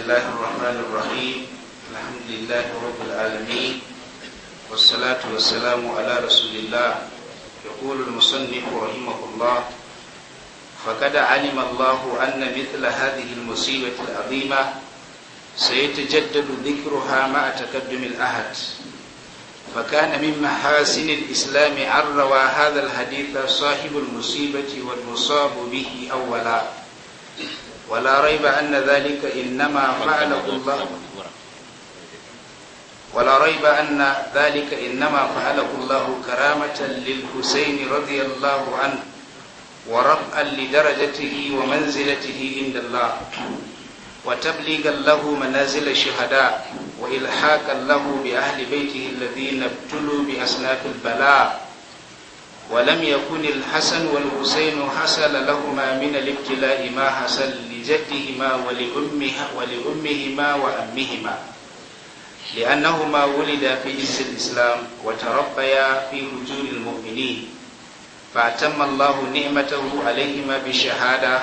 الله الرحمن الرحيم الحمد لله رب العالمين والصلاة والسلام على رسول الله يقول المصنف رحمه الله فقد علم الله أن مثل هذه المصيبة العظيمة سيتجدد ذكرها مع تقدم الأحد فكان من محاسن الإسلام أن روى هذا الحديث صاحب المصيبة والمصاب به أولا ولا ريب أن ذلك إنما فعله الله ولا ريب أن ذلك إنما فعله الله كرامة للحسين رضي الله عنه ورفعا لدرجته ومنزلته عند الله وتبليغا له منازل الشهداء وإلحاقا له بأهل بيته الذين ابتلوا بأصناف البلاء ولم يكن الحسن والحسين حصل لهما من الابتلاء ما حصل لجدهما ولأمها ولأمهما وأمهما لأنهما ولدا في جنس الإسلام وتربيا في وجود المؤمنين فأتم الله نعمته عليهما بشهادة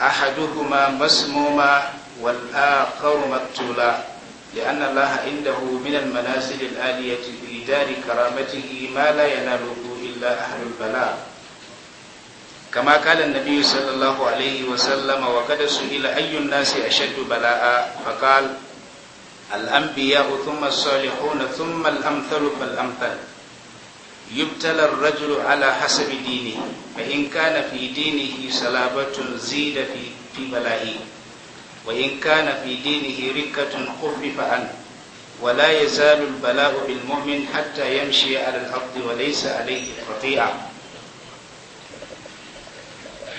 أحدهما مسموما والآخر مقتولا لأن الله عنده من المنازل الآلية في دار كرامته ما لا يناله إلا أهل البلاء كما قال النبي صلى الله عليه وسلم وقد سئل أي الناس أشد بلاء فقال الأنبياء ثم الصالحون ثم الأمثل فالأمثل يبتلى الرجل على حسب دينه فإن كان في دينه سلابة زيد في, في بلائه وإن كان في دينه ركة خفف عنه ولا يزال البلاء بالمؤمن حتى يمشي على الأرض وليس عليه خطيئة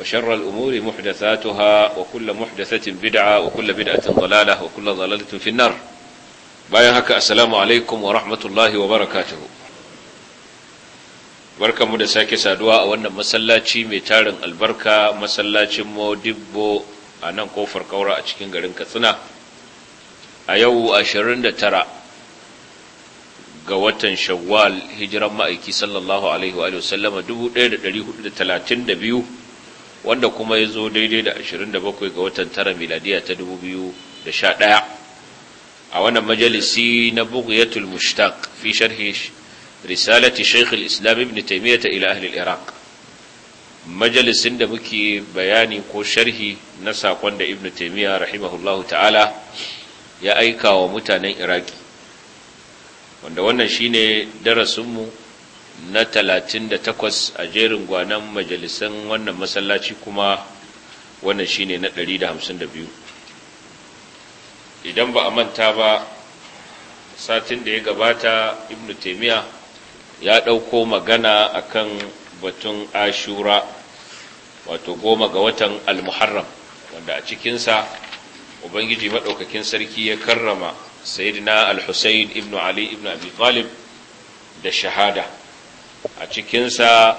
وشر الأمور محدثاتها وكل محدثة بدعة bayan haka asalamu alaikum wa rahmatullahi wa barakatuhu barkanmu da sake saduwa a wannan masallaci mai tarin albarka masallacin Modibo a nan kofar kaura a cikin garin katsina a yau 29 ga watan shawwal hijiran ma'aiki sallallahu alaihi wa sallama 1432 wanda kuma ya zo daidai da 27 ga watan tara miladiya ta 2011 a wannan majalisi na bughyatul mushtaq fi sharhi risalati shaykh al-islam ibn taymiyyah ila ahli al-iraq majalisin da muke bayani ko sharhi na sakon da ibn taymiyyah rahimahullahu ta'ala ya aika wa mutanen iraki wanda wannan shine mu. na 38 a jerin gwanan majalisan wannan masallaci kuma wannan shine na 152 idan ba a manta ba satin da ya gabata Ibnu taimiyya ya ɗauko magana a kan batun ashura wato goma ga watan almuharram wanda a cikinsa ubangiji maɗaukakin sarki ya karrama sayidina al-husayn ibn ali ibn abi talib da shahada a cikinsa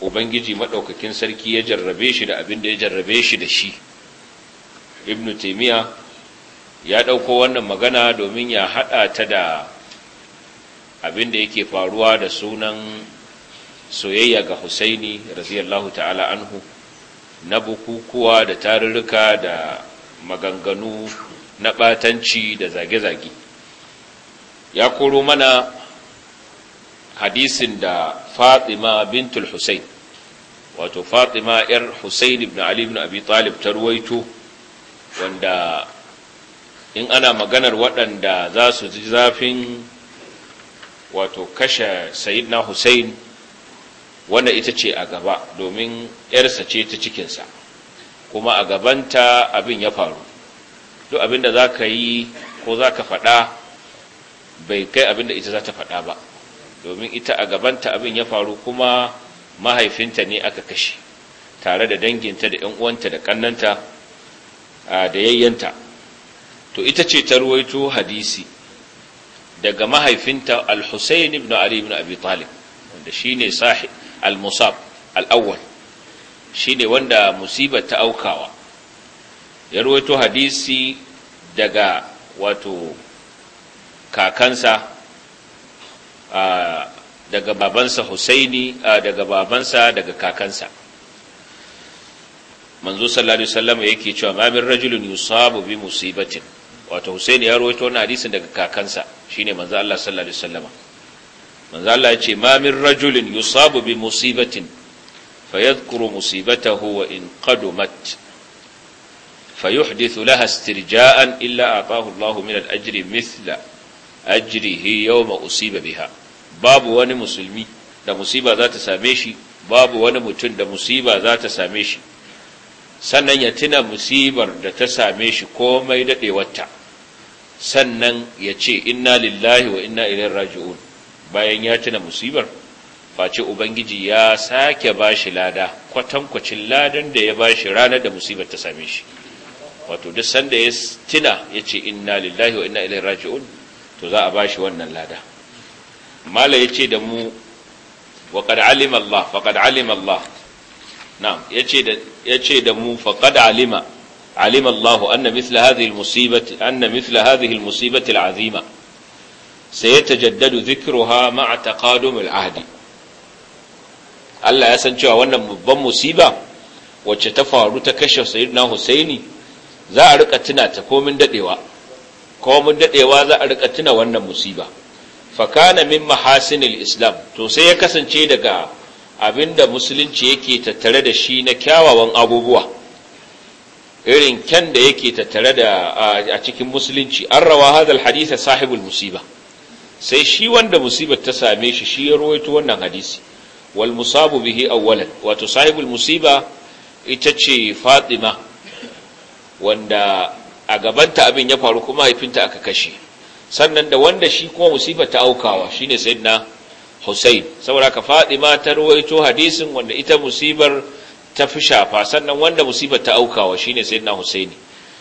ubangiji maɗaukakin sarki ya jarrabe shi da abin da ya jarrabe shi da shi ibn taimiyya ya ɗauko wannan magana domin ya haɗa ta da abin da yake faruwa da sunan soyayya ga husaini raziyallahu ta'ala anhu na bukukuwa da tarurruka da maganganu na ɓatanci da zage-zage ya koro mana hadisin da fatima bintul husayn wato fatima yar husayn ibn ali ibn abi talib ta ruwaito wanda in ana maganar waɗanda za su ji zafin wato kashe sayyidina hussain wanda ita ce a gaba domin yarsa ce ta cikinsa kuma a gabanta abin ya faru duk abin da za ka yi ko za ka faɗa bai kai abin da ita za ta faɗa ba domin ita a gabanta abin ya faru kuma mahaifinta ne aka kashe tare da danginta da ‘yan uwanta da ƙannanta da yayyanta to ita ce ta ruwaito hadisi daga mahaifinta al-Husayn ibn Ali ibn Abi Talib wanda shine sahib al-Musab al-awwal shine wanda musibar ta aukawa ya ruwaito hadisi daga wato kakansa daga babansa husaini daga babansa daga kakansa manzo sallallahu alaihi wasallam yake cewa ma min rajulun yusabu bi musibatin wato husaini ya rawaito wannan hadisin daga kakansa shine manzo Allah sallallahu alaihi wasallam manzo Allah yace ce ma min rajulin yusabu bi musibatin fayadhkuru musibatahu wa in qadumat فيحدث لها استرجاء إلا أعطاه الله من الأجر مثل أجره يوم أصيب بها babu wani musulmi da musiba za ta same shi babu wani mutum da musiba za ta same shi sannan ya tuna musibar da ta same shi komai daɗewarta sannan ya ce inna lillahi wa inna ilaihi raji'un bayan ya tuna musibar face ubangiji ya sake bashi lada kwatankwacin ladan da ya ba shi ranar da musibar ta same shi wato duk sanda ya tuna ya ce inna lillahi wa inna ilaihi raji'un to za a ba shi wannan lada mala ce da mu wa qad alima Allah faqad alima Allah na'am yace da da mu faqad alima alima Allah anna mithla hadhihi al-musibati anna mithla hadhihi al-musibati al-azima sayatajaddadu dhikruha ma'a taqadum al-ahdi Allah ya san cewa wannan babban musiba wacce ta faru ta kashe sayyidina Husaini za a rika tuna ta komin dadewa komin dadewa za a rika tuna wannan musiba fakana min mahasinil islam to sai ya kasance daga abinda musulunci yake tattare da shi na kyawawan abubuwa irin kyan da yake tattare da a cikin musulunci an rawa hadal hadisa sahibul musiba sai shi wanda musibar ta same shi shi ya rawaito wannan hadisi wal musabu bihi awwalan wato sahibul musiba ita ce fatima wanda a gabanta abin ya faru kuma haifinta aka kashe sannan da wanda shi kuma musibar ta aukawa shine sayyidina Hussein saboda ka Fatima ta ruwaito hadisin wanda ita musibar ta fi shafa sannan wanda musibar ta aukawa shine sayyidina Husaini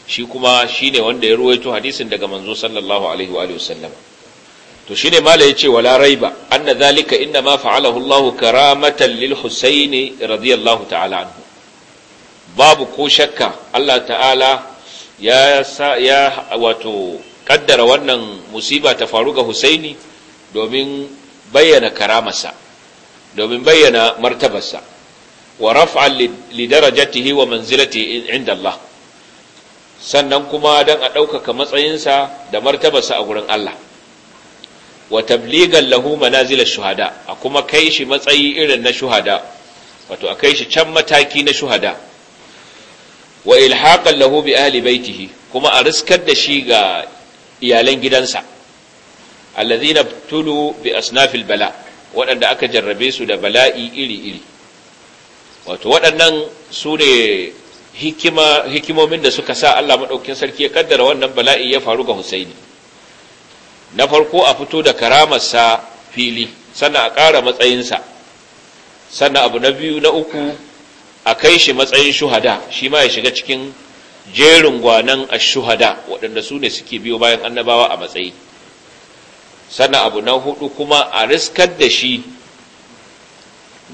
shi kuma shine wanda ya ruwaito hadisin daga manzo sallallahu alaihi wa sallam to shine mala yace wala raiba anna zalika inna ma fa'alahu Allah karamatan lil Husaini radiyallahu ta'ala anhu babu ko shakka Allah ta'ala ya sa ya wato kaddara wannan musiba ta faru ga Husaini domin bayyana karamarsa domin bayyana martabarsa wa raf'a li darajatihi wa manzilatihi inda Allah sannan kuma dan a ɗaukaka matsayinsa da martabarsa a gurin Allah wa tabligan lahu manazil shuhada a kuma kai shi matsayi irin na shuhada wato a kai shi can mataki na shuhada wa ilhaqan lahu bi ahli baitihi kuma a riskar da shi ga iyalan gidansa allazina tulu bi asnafil bala waɗanda aka jarrabe su da bala'i iri-iri wato waɗannan su ne hikimomin da suka sa Allah maɗaukin sarki ya kaddara wannan bala'i ya faru ga Husaini na farko a fito da karamarsa fili sannan a ƙara sa sannan abu na biyu na uku a kai shi matsayin shuhada shi ma ya shiga cikin jerin gwanan ashuhada waɗanda su ne suke biyo bayan annabawa a matsayi sannan abu na hudu kuma a riskar da shi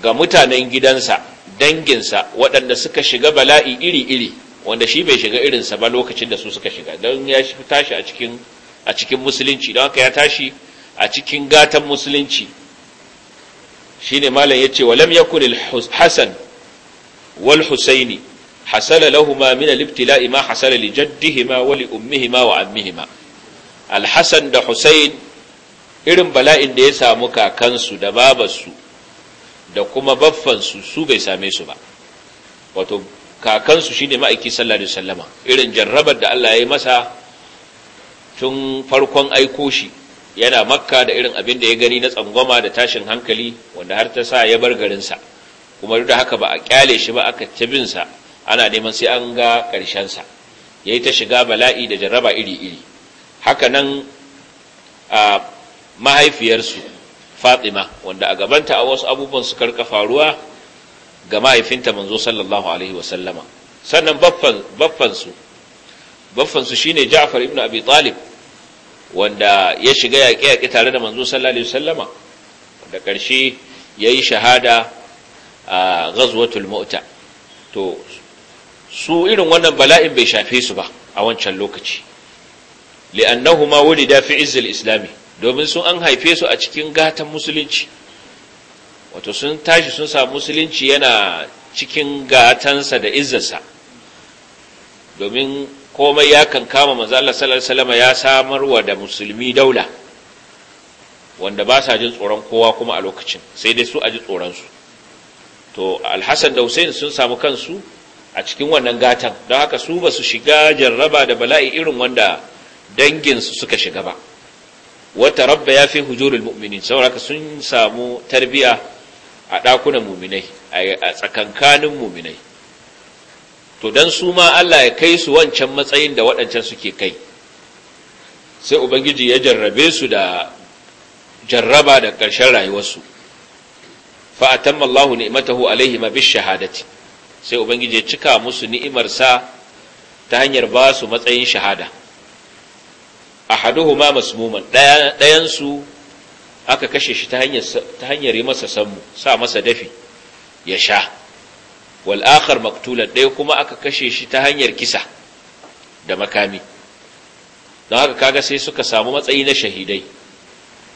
ga mutanen gidansa danginsa waɗanda suka shiga bala'i iri-iri wanda shi bai shiga irinsa ba lokacin da su suka shiga don ya tashi a cikin a cikin musulunci don haka ya tashi a cikin gatan musulunci shine malam yace walam yakun al-hasan wal husaini hasala lahuma min al-ibtila'i ma hasala li jaddihima wa li ummihima al da husayn irin bala'in da ya samu kakansu da babarsu da kuma baffansu su bai same su ba wato kakansu shine ma'aiki sallallahu alaihi irin jarrabar da Allah ya yi masa tun farkon aiko shi yana makka da irin abin da ya gani na tsangwama da tashin hankali wanda har ta sa ya bar garinsa kuma duk da haka ba a kyale shi ba aka ta binsa ana neman sai an ga ƙarshensa ya yi ta shiga bala'i da jarraba iri-iri haka nan a mahaifiyarsu fatima wanda a gabanta a wasu abubuwan su karka faruwa ga mahaifinta manzo sallallahu alaihi wasallama sannan baffansu baffansu shine ja'far ibn abi talib wanda ya shiga yaƙe-yaƙe tare da manzo sallallahu alaihi wasallama da ƙarshe ya yi shahada a ghazwatul mu'ta to su irin wannan bala'in bai shafe su ba a wancan lokaci li'annahu ma wulida fi izzil islami domin sun an haife su a cikin gatan musulunci wato sun tashi sun samu musulunci yana cikin gatansa da izzarsa domin komai ya kan kama manzo Allah sallallahu alaihi wasallam ya samarwa da musulmi daula wanda ba sa jin tsoron kowa kuma a lokacin sai dai su a ji tsoron su to alhassan da Hussein sun samu kansu a cikin wannan gatan don haka su ba su shiga jarraba da bala'i irin wanda danginsu suka shiga ba wata rabba ya fi hujurul mu'minin sauraka sun samu tarbiya a ɗakunan muminai a tsakankanin muminai to don su ma Allah ya kai su wancan matsayin da waɗancan suke kai sai ubangiji ya jarrabe su da jarraba da ƙarshen rayuwarsu fa'atamma Allah ni'matahu alaihima bis shahadati sai ubangiji ya cika musu ni'imarsa ta hanyar ba su matsayin shahada ahaduhuma masmuman ɗayan su aka kashe shi ta hanyar yi masa sammu sa masa dafi ya sha wal akhar ɗaya kuma aka kashe shi ta hanyar kisa da makami don haka kaga sai suka samu matsayi na shahidai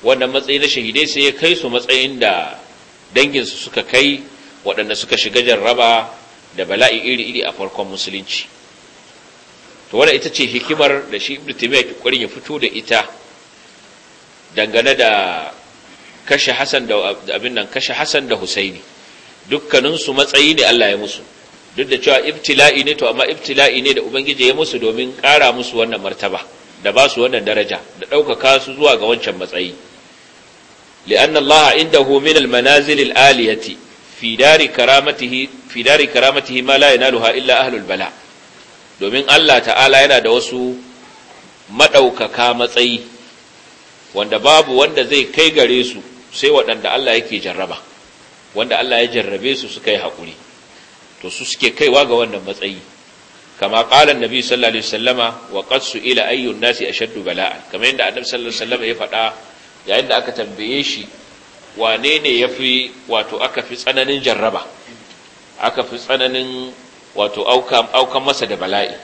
wannan matsayi na shahidai sai ya kai su matsayin da danginsu suka kai waɗanda suka shiga jarraba da bala'i iri-iri a farkon musulunci to wadda ita ce hikimar da shi ibn timiya kwarin ya fito da ita dangane da kashe hasan da abin nan kashe hasan da husaini dukkaninsu matsayi ne allah ya musu duk da cewa ibtila'i ne to amma ibtila'i ne da ubangiji ya musu domin ƙara musu wannan martaba da ba su wannan daraja da ɗaukaka su zuwa ga wancan matsayi li'annallaha allaha indahu min al-manazil al-aliyati fi dari karamatihi ma la yanaluha illa ahlul bala domin Allah ta'ala yana da wasu madaukaka matsayi wanda babu wanda zai kai gare su sai waɗanda Allah yake jarraba wanda Allah ya jarrabe su suka yi haƙuri to su suke kaiwa ga wannan matsayi kama ƙalar annabi sallallahu alaihi wasallama wa su'ila ayyun nasi shaddu bala'a kamar yadda annabi sallallahu alaihi ya faɗa yayin da aka tambaye shi wane ne ya fi wato aka fi tsananin jarraba aka fi tsananin wato aukan masa da bala'i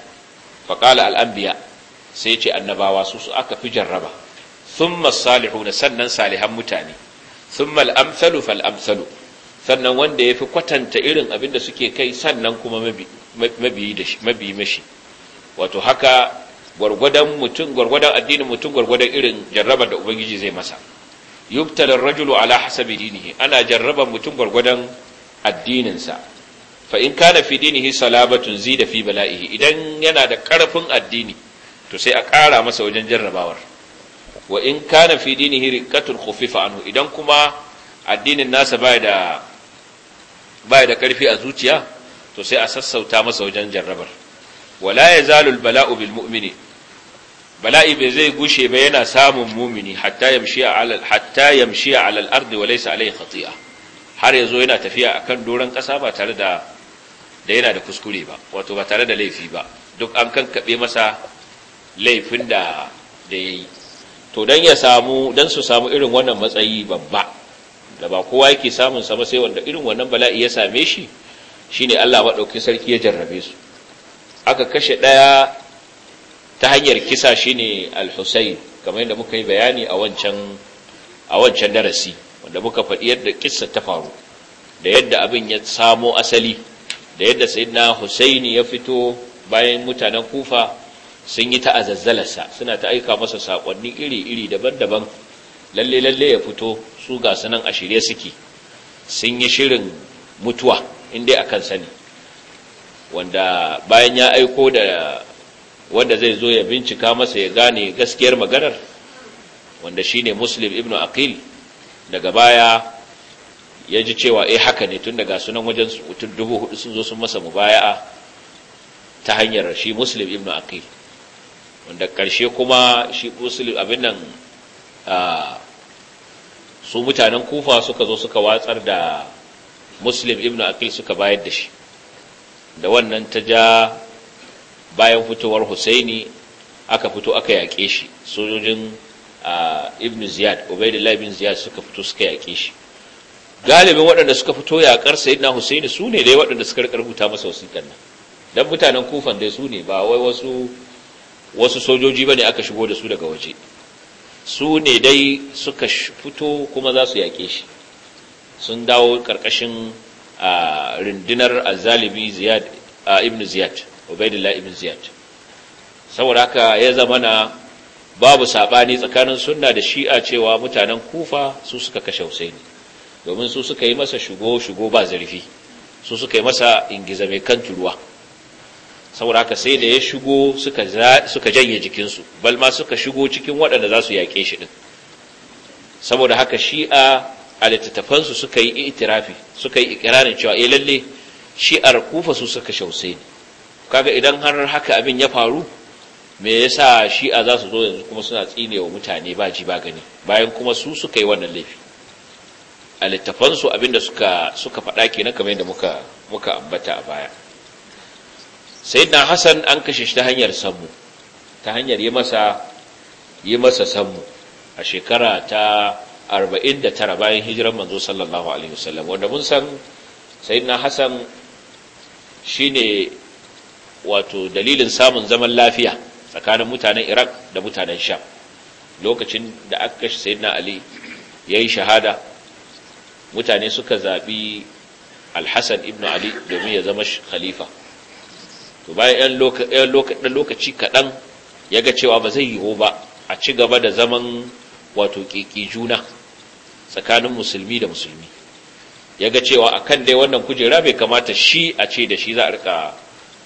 faƙala al'ambiya sai ce annabawa su su aka fi jarraba sun masalihu na sannan salihan mutane sun mal'amsalu fal'amsalu sannan wanda ya fi kwatanta irin abin da suke kai sannan kuma mabiyi mashi wato haka gwargwadon mutum gwargwadon addinin mutum gwargwadon irin jarraba da ubangiji zai masa yubtala rajulu ala hasabi dinihi ana jarraba mutum gurgudan addininsa fa in kana fi dinihi salabatun zida fi bala'ihi idan yana da karfin addini to sai a ƙara masa wajen jarrabawar wa in kana fi dinihi riqatun khufifa anhu idan kuma addinin nasa bai da bai da karfi a zuciya to sai a sassauta masa wajen jarrabar wala yazalu al-bala'u bil mu'mini bala'i bai zai gushe ba yana samun mumini hatta yamshi a alal yamshi ala al-ardi wa laysa khati'a har yazo yana tafiya akan doran kasa ba tare da da yana da kuskure ba wato ba tare da laifi ba duk an kankabe masa laifin da da yayi to dan ya samu dan su samu irin wannan matsayi babba da ba kowa yake samun sa ba sai wanda irin wannan bala'i ya same shi shine Allah madaukakin sarki ya jarrabe su aka kashe daya ta hanyar kisa shine al-Husayn kamar yadda muka yi bayani a wancan darasi wanda muka faɗi yadda kisa ta faru da yadda abin ya samo asali da yadda sayyidina Husaini ya fito bayan mutanen Kufa sun yi ta azazzalarsa suna ta aika masa saƙonni iri-iri daban-daban lalle lalle ya fito su ga sanan a shirye suke sun yi shirin mutuwa inda kan sani wanda bayan ya aiko da wanda zai zo ya bincika masa ya gane gaskiyar maganar wanda shine muslim ibn aqil daga baya ya ji cewa eh haka ne tun daga sunan wajen mutum dubu hudu sun zo sun masa mubaya'a ta hanyar shi muslim ibn aqil wanda karshe kuma shi muslim abin nan su mutanen kufa suka zo suka watsar da muslim ibn aqil suka bayar da shi da wannan ta ja bayan fitowar husaini aka fito aka yaƙe shi sojojin ibn ziyad ubaidullah ibn ziyad suka fito suka yaƙe shi galibin waɗanda suka fito yaƙar sayyidina husaini su ne dai waɗanda suka rubuta masa wasiƙan nan don mutanen kufan dai su ne ba wai wasu wasu sojoji ne aka shigo da su daga waje su ne dai suka fito kuma za su yaƙe shi sun dawo ƙarƙashin rundunar a ziyad ibn ziyad ubaidullah ibn ziyad saboda haka ya zama na babu sabani tsakanin sunna da shi'a cewa mutanen kufa su suka kashe husaini domin su suka yi masa shugo shugo ba zarfi su suka yi masa ingiza mai kan turuwa saboda haka sai da ya shigo suka suka janye jikinsu bal ma suka shigo cikin waɗanda za su yaƙe shi din saboda haka shi'a a su suka yi itirafi suka yi ikirarin cewa eh lalle shi'ar kufa su suka kashe husaini kaga idan har haka abin ya faru me yasa shi'a za su zo yanzu kuma suna tsine wa mutane ba ji ba gani bayan kuma su suka yi wannan laifi a littafansu da suka suka faɗa na kamar yadda muka muka ambata a baya na hasan an kashe shi ta hanyar sammu ta hanyar yi masa yi masa sammu a shekara ta da tara, bayan hijiran manzo sallallahu alaihi wasallam wanda mun san sayyidina hasan shine wato dalilin samun zaman lafiya tsakanin mutanen iraq da mutanen sham lokacin da aka kashe sayyidina ali ya shahada mutane suka zaɓi alhassan ibn ali domin ya zama khalifa to bayan ɗan lokaci kaɗan ya ga cewa ba zai yiwu ba a ci gaba da zaman wato ƙiƙi juna tsakanin musulmi da musulmi ya ga cewa a kan dai wannan kujera bai kamata shi a ce da shi za a rika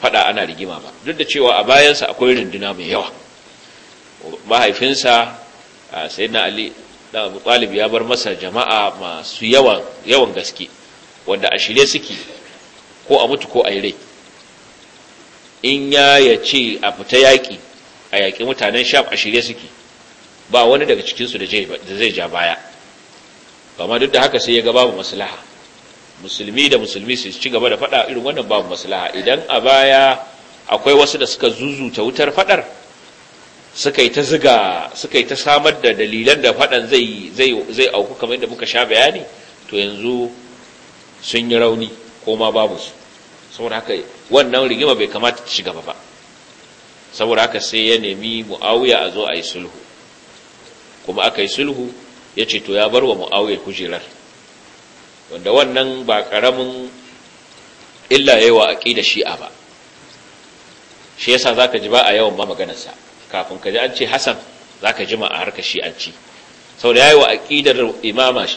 fada ana rigima ba duk da cewa a bayansa akwai runduna mai yawa mahaifinsa sayyidina ali da abu talib ya bar masa jama'a masu yawan yawan gaske wanda a shirye suke ko a mutu ko a yi rai in ya ya ce a fita yaƙi a yaƙi mutanen sham a shirye suke ba wani daga cikinsu da zai ja baya amma duk da haka sai ya ga babu maslaha musulmi da musulmi su ci gaba da fada irin wannan babu maslaha idan a baya akwai wasu da suka zuzuta wutar fadar suka yi ta ziga suka yi ta samar da dalilan da fadan zai zai zai auku kamar yadda muka sha bayani to yanzu sun yi rauni ko ma babu su saboda haka wannan rigima bai kamata ta ci gaba ba saboda haka sai ya nemi muawiya a zo a yi sulhu kuma aka yi sulhu ya ce to ya bar wa muawiya kujerar wanda wannan ba ƙaramin illa yawa aqida shi'a ba shi yasa ka ji ba a yawan ma maganarsa kafin ka ji an ce hasan ka ji ma a harkar shi'anci ya yi wa aƙidar imama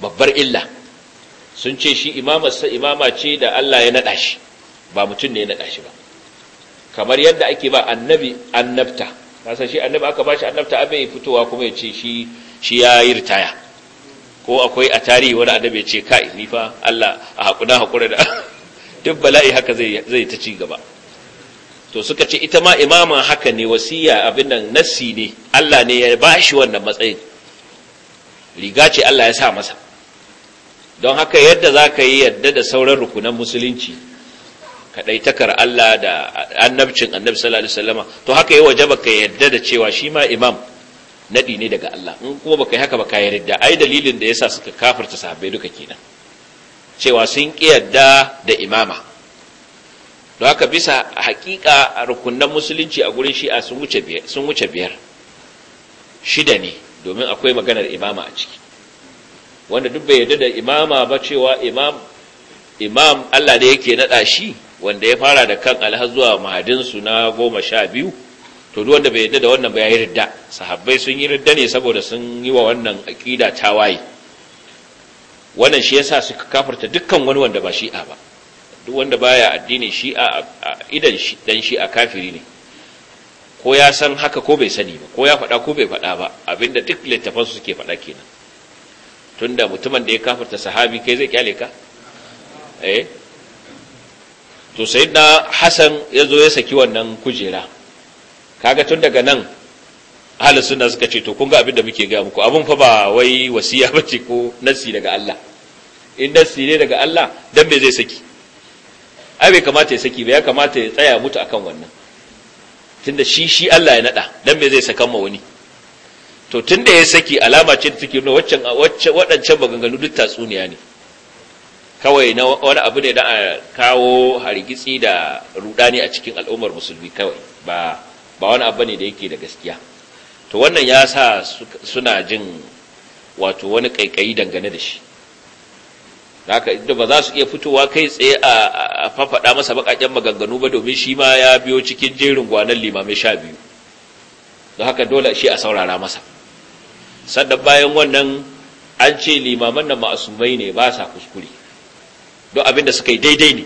babbar illa sun ce shi imamarsa imama ce da Allah ya naɗa shi ba mutum ne ya naɗa shi ba kamar yadda ake ba annabi annabta kasan shi annabi aka ba shi annabta abai fitowa kuma ya ce shi ya yi ritaya ko akwai a tarihi wani adabi ya ce kai ni fa Allah a hakuna hakura da duk bala'i haka zai zai ta ci gaba to suka ce ita ma imama haka ne wasiya abin nan nassi ne Allah ne ya shi wannan matsayin riga ce Allah ya sa masa don haka yadda za ka yi yadda da sauran rukunan musulunci kaɗaitakar Allah da annabcin annabi sallallahu alaihi wasallama to haka yi wajaba ka yadda da cewa shi ma imam Naɗi ne daga Allah in kuma baka yi haka baka yi ridda ai dalilin da yasa suka kafirta sahabbai duka kenan cewa sun yarda da imama don haka bisa hakika rukunnan musulunci a gurin shi'a sun wuce biyar sun wuce biyar shida ne domin akwai maganar imama a ciki wanda duk bai yarda da imama ba cewa imam imam Allah da yake nada shi wanda ya fara da kan alhazuwa mahadinsu na goma sha biyu to duk wanda bai yarda da wannan bai yi ridda sahabbai sun yi ridda ne saboda sun yi wa wannan aqida tawaye wannan shi yasa suka kafirta dukkan wani wanda ba shi'a ba duk wanda baya addinin shi'a idan shi dan shi'a kafiri ne ko ya san haka ko bai sani ba ko ya faɗa ko bai faɗa ba abinda duk littafan su suke faɗa kenan tunda mutumin da ya kafirta sahabi kai zai kyale ka eh to sayyidina hasan ya zo ya saki wannan kujera kaga tun daga nan halin suna suka ce to kun ga abin da muke ga muku abun fa ba wai wasiya bace ko nasi daga Allah in nasi ne daga Allah dan me zai saki ai bai kamata ya saki ba ya kamata ya tsaya mutu akan wannan tunda shi shi Allah ya nada dan me zai saka ma wani to tunda ya saki alama ce da take nuna waccan waɗancan maganganu duk tatsuniya ne kawai na wani abu ne da kawo hargitsi da rudani a cikin al'ummar musulmi kawai ba ba wani abu ne da yake da gaskiya to wannan ya sa suna jin wato wani kaikayi dangane da shi haka inda ba za su iya fitowa kai tsaye a fafaɗa masa baƙaƙen maganganu ba domin shi ma ya biyo cikin jerin gwanan limamai sha biyu don haka dole shi a saurara masa sannan bayan wannan an ce limaman nan ma'asumai ne ba sa kuskure don abin da suka yi daidai ne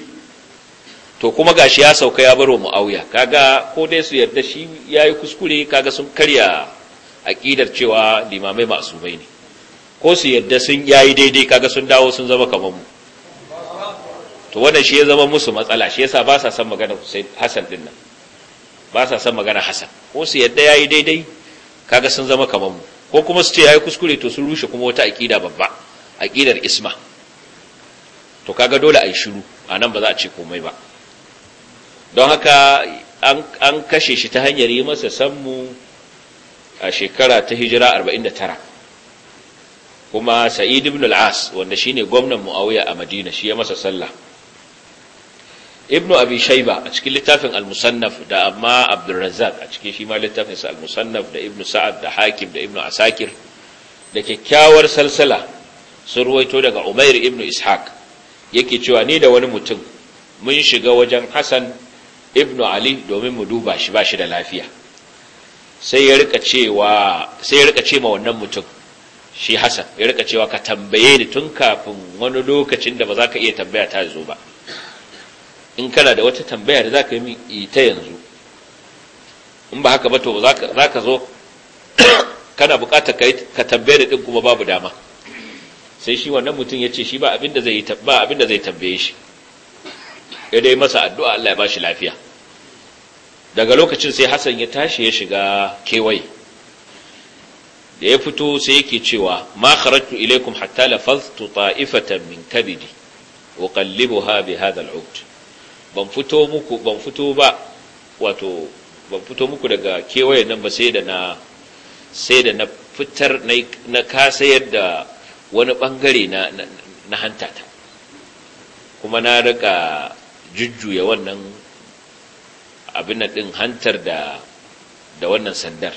to kuma gashi ya sauka ya baro muawiya kaga ko dai su yarda shi yayi kuskure kaga sun karya aqidar cewa limamai masubai ne ko su yarda sun yayi daidai kaga sun dawo sun zama kamar mu to wannan shi ya zama musu matsala shi yasa ba sa san magana Hussein Hassan din nan ba sa san magana Hassan ko su yarda yayi daidai kaga sun zama kamar mu ko kuma su ce yayi kuskure to sun rushe kuma wata aqida babba aqidar isma to kaga dole ai shiru anan ba za a ce komai ba don haka an kashe shi ta hanyar yi masa sammu a shekara ta hijira 49 kuma sa'id ibn al-as wanda shine gwamnan muawiya a madina shi ya masa sallah ibn abi shayba a cikin littafin al-musannaf da amma abdul razzaq a cikin shi ma littafin sa al-musannaf da ibn sa'ad da hakim da ibn asakir da kyakkyawar salsala sun ruwaito daga umair ibn ishaq yake cewa ni da wani mutum mun shiga wajen hasan ibnu ali domin mu duba shi ba shi da lafiya sai ya rika cewa sai ya rika cewa wannan mutum shi hasan ya rika cewa ka tambaye ni tun kafin wani lokacin da ba za ka iya tambaya ta zo ba in kana da wata tambaya da za ka yi ta yanzu in ba haka ba to za ka zo kana bukata ka tambaye da din kuma babu dama sai shi wannan mutum ya ce shi ba abinda zai tambaye shi ya dai masa addu'a Allah ya ba shi lafiya daga lokacin sai hassan ya tashi ya shiga kewaye da ya fito sai yake cewa ma kharajtu ilaikum hatta lafaztu ta'ifatan min kabidi uqallibuha bi hadha al'ud ban fito muku ban fito ba wato ban fito muku daga kewaye nan ba sai da na sai da na fitar na kasayar da wani bangare na na hantata kuma na rika jujjuya wannan abin nan din hantar da da wannan sandar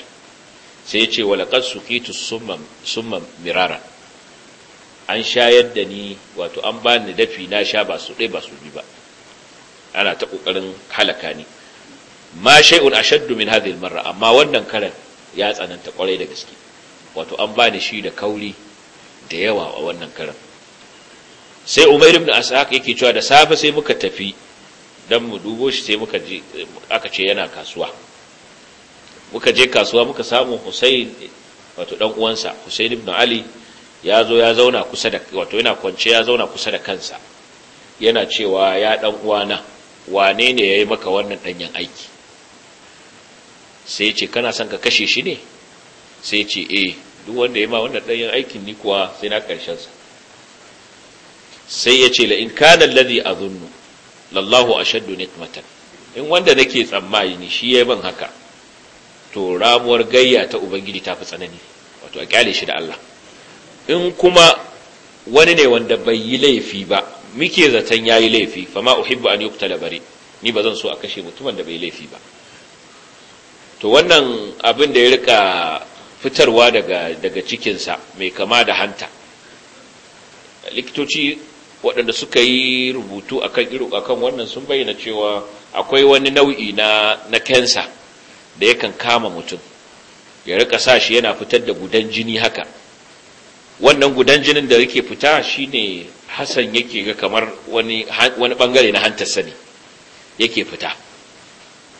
sai ya yace walaqad suqitu summan summan mirara an shayar da ni wato an ba ni dafi na sha ba su dai ba su bi ba ana ta kokarin halaka ni ma shay'un ashaddu min hadhihi almarra amma wannan karan ya tsananta kwarai da gaske wato an ba ni shi da kauri da yawa a wannan karan sai umair ibn ashaq yake cewa da safe sai muka tafi dan mu dubo shi sai muka je aka ce yana kasuwa muka je kasuwa muka samu Hussein wato dan uwansa Hussein ibn Ali ya zo ya zauna kusa da wato yana kwance ya zauna kusa da kansa yana cewa ya dan uwana wane ne yayi maka wannan danyen aiki sai ya ce kana son ka kashe shi ne sai ya ce eh duk wanda ya ma wannan danyen aikin ni kuwa sai na karshen sa sai ya ce la in kana alladhi azunnu lallahu ashaddu nikmatan in wanda nake tsammani shi ya ban haka to ramuwar gayya ta ubangiji ta fi tsanani wato a kyale shi da Allah in kuma wani ne wanda bai yi laifi ba muke zaton ya yi laifi fa ma uhibbu an yuqtala bari ni bazan so a kashe mutumin da bai laifi ba to wannan abin da ya rika fitarwa daga daga cikin sa mai kama da hanta likitoci waɗanda suka yi rubutu akan irin akan wannan sun bayyana cewa akwai wani nau'i na na kansa da yakan kama mutum ya rika sa shi yana fitar da gudan jini haka wannan gudan jinin da yake fita shine Hassan yake ga kamar wani wani bangare na hantar sani yake fita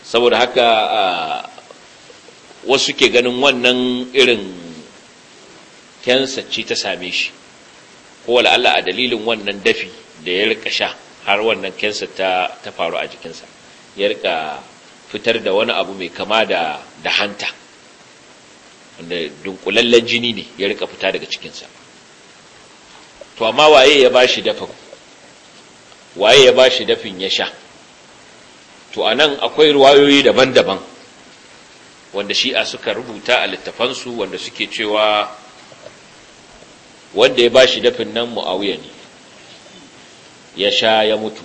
saboda haka wasu ke ganin wannan irin kansa ce ta same shi ko wala Allah a dalilin wannan dafi da ya rika sha har wannan kensa ta ta faru a jikinsa ya rika fitar da wani abu mai kama da da hanta wanda dunkulallen jini ne ya rika fita daga cikinsa to amma waye ya ba shi dafin waye ya ba shi dafin ya sha to a nan akwai ruwayoyi daban-daban wanda shi'a suka rubuta a littafansu wanda suke cewa wanda ya bashi dafin nan muawiya ne ya sha ya mutu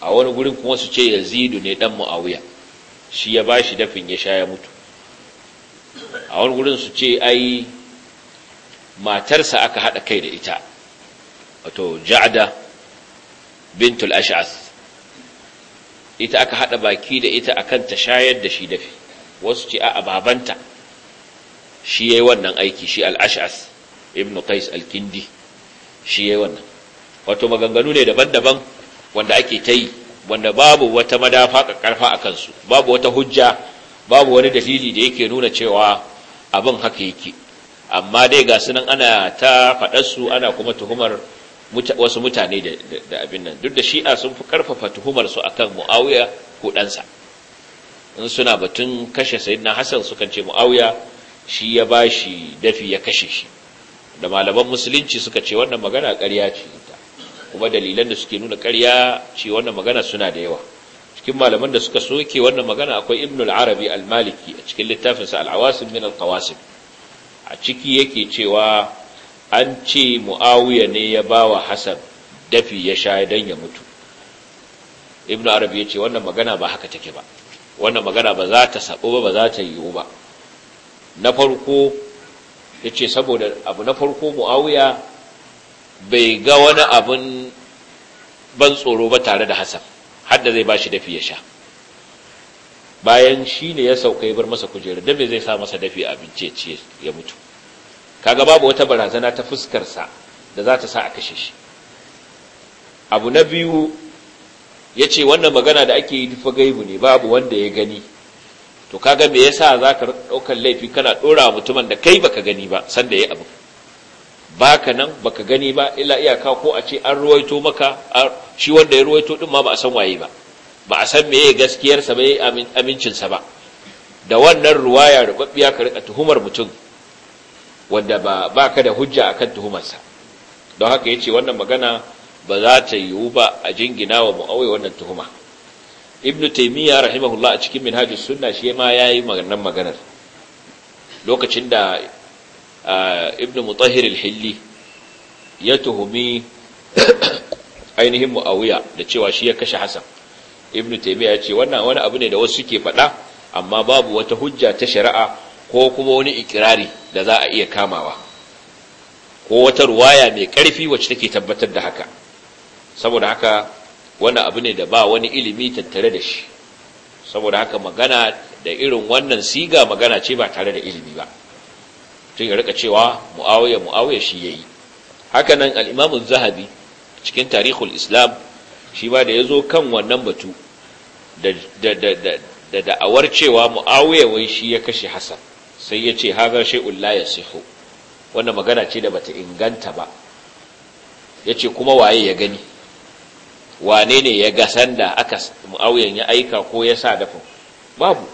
a wani gurin kuma su ce yazidu ne dan muawiya shi ya bashi dafin ya sha ya mutu a wani gurin su ce ai matarsa aka hada kai da ita wato ja'da bintul ash'as ita aka hada baki da ita akan ta shayar da shi dafi wasu ce a babanta shi yayi wannan aiki shi al ashas ibn qais al-kindi shi yayi wannan wato maganganu ne daban-daban wanda ake tai wanda babu wata madafa karfa a kansu babu wata hujja babu wani dalili da yake nuna cewa abin haka yake amma dai ga sunan ana ta su, ana kuma tuhumar wasu mutane da abin nan duk da shi'a sun fi karfafa tuhumar su akan muawiya ko ɗansa in suna batun kashe sayyidina hassan kan ce muawiya shi ya bashi dafi ya kashe shi da malaman musulunci suka ce wannan magana ƙarya ce kuma dalilan da suke nuna ƙarya ce wannan magana suna da yawa cikin malaman da suka soke wannan magana akwai ibn al-arabi al-maliki a cikin littafinsa al-awasim min al-qawasim a ciki yake cewa an ce muawiya ne ya bawa hasan dafi ya sha dan ya mutu ibn arabi yace wannan magana ba haka take ba wannan magana ba za ta sabo ba ba za ta yiwu ba na farko ya ce saboda abu na farko mu'awiya bai ga wani abin ban tsoro ba tare da hassan hadda zai ba shi dafi ya sha bayan shi ne ya sauka ya bar masa kujera don zai sa masa dafi abinci ce ya mutu kaga babu wata barazana ta fuskarsa da za ta sa a kashe shi abu na biyu ya ce wannan magana da ake yi fa gaibu ne babu wanda ya gani to kaga me yasa zaka daukar laifi kana dora mutumin da kai baka gani ba sanda yayi abu baka nan baka gani ba illa iyaka ko a ce an ruwaito maka shi wanda ya ruwaito din ma ba a san waye ba ba a san meye gaskiyar sa bai amincin sa ba da wannan ruwaya rubabbiya ka rika tuhumar mutum wanda ba baka da hujja akan tuhumar sa don haka yace wannan magana ba za ta yiwu ba a jingina wa mu'awai wannan tuhuma ibn taimiyya rahimahullah a cikin minhajus sunna shi ma yayi maganar maganar lokacin da ibn mutahhir al-hilli ya tuhumi ainihin muawiya da cewa shi ya kashe Hassan. ibn Taimiyya ya ce wannan wani abu ne da wasu suke faɗa amma babu wata hujja ta shari'a ko kuma wani ikirari da za a iya kamawa ko wata ruwaya mai karfi wacce take tabbatar da haka saboda haka Wani abu ne da ba wani ilimi tattare da shi saboda haka magana da irin wannan siga magana ce ba tare da ilimi ba tun ya rika cewa mu'awiya mu'awiya shi yayi haka nan al zahabi cikin tarihul islam shi ba da ya zo kan wannan batu da da'awar cewa mu'awiya wai shi ya kashe Hassan sai ya ce haza shay'un la yasihu wannan magana ce da bata inganta ba yace kuma waye ya gani wane ne ya ga sanda aka mu'awiyan ya aika ko ya sa dafin babu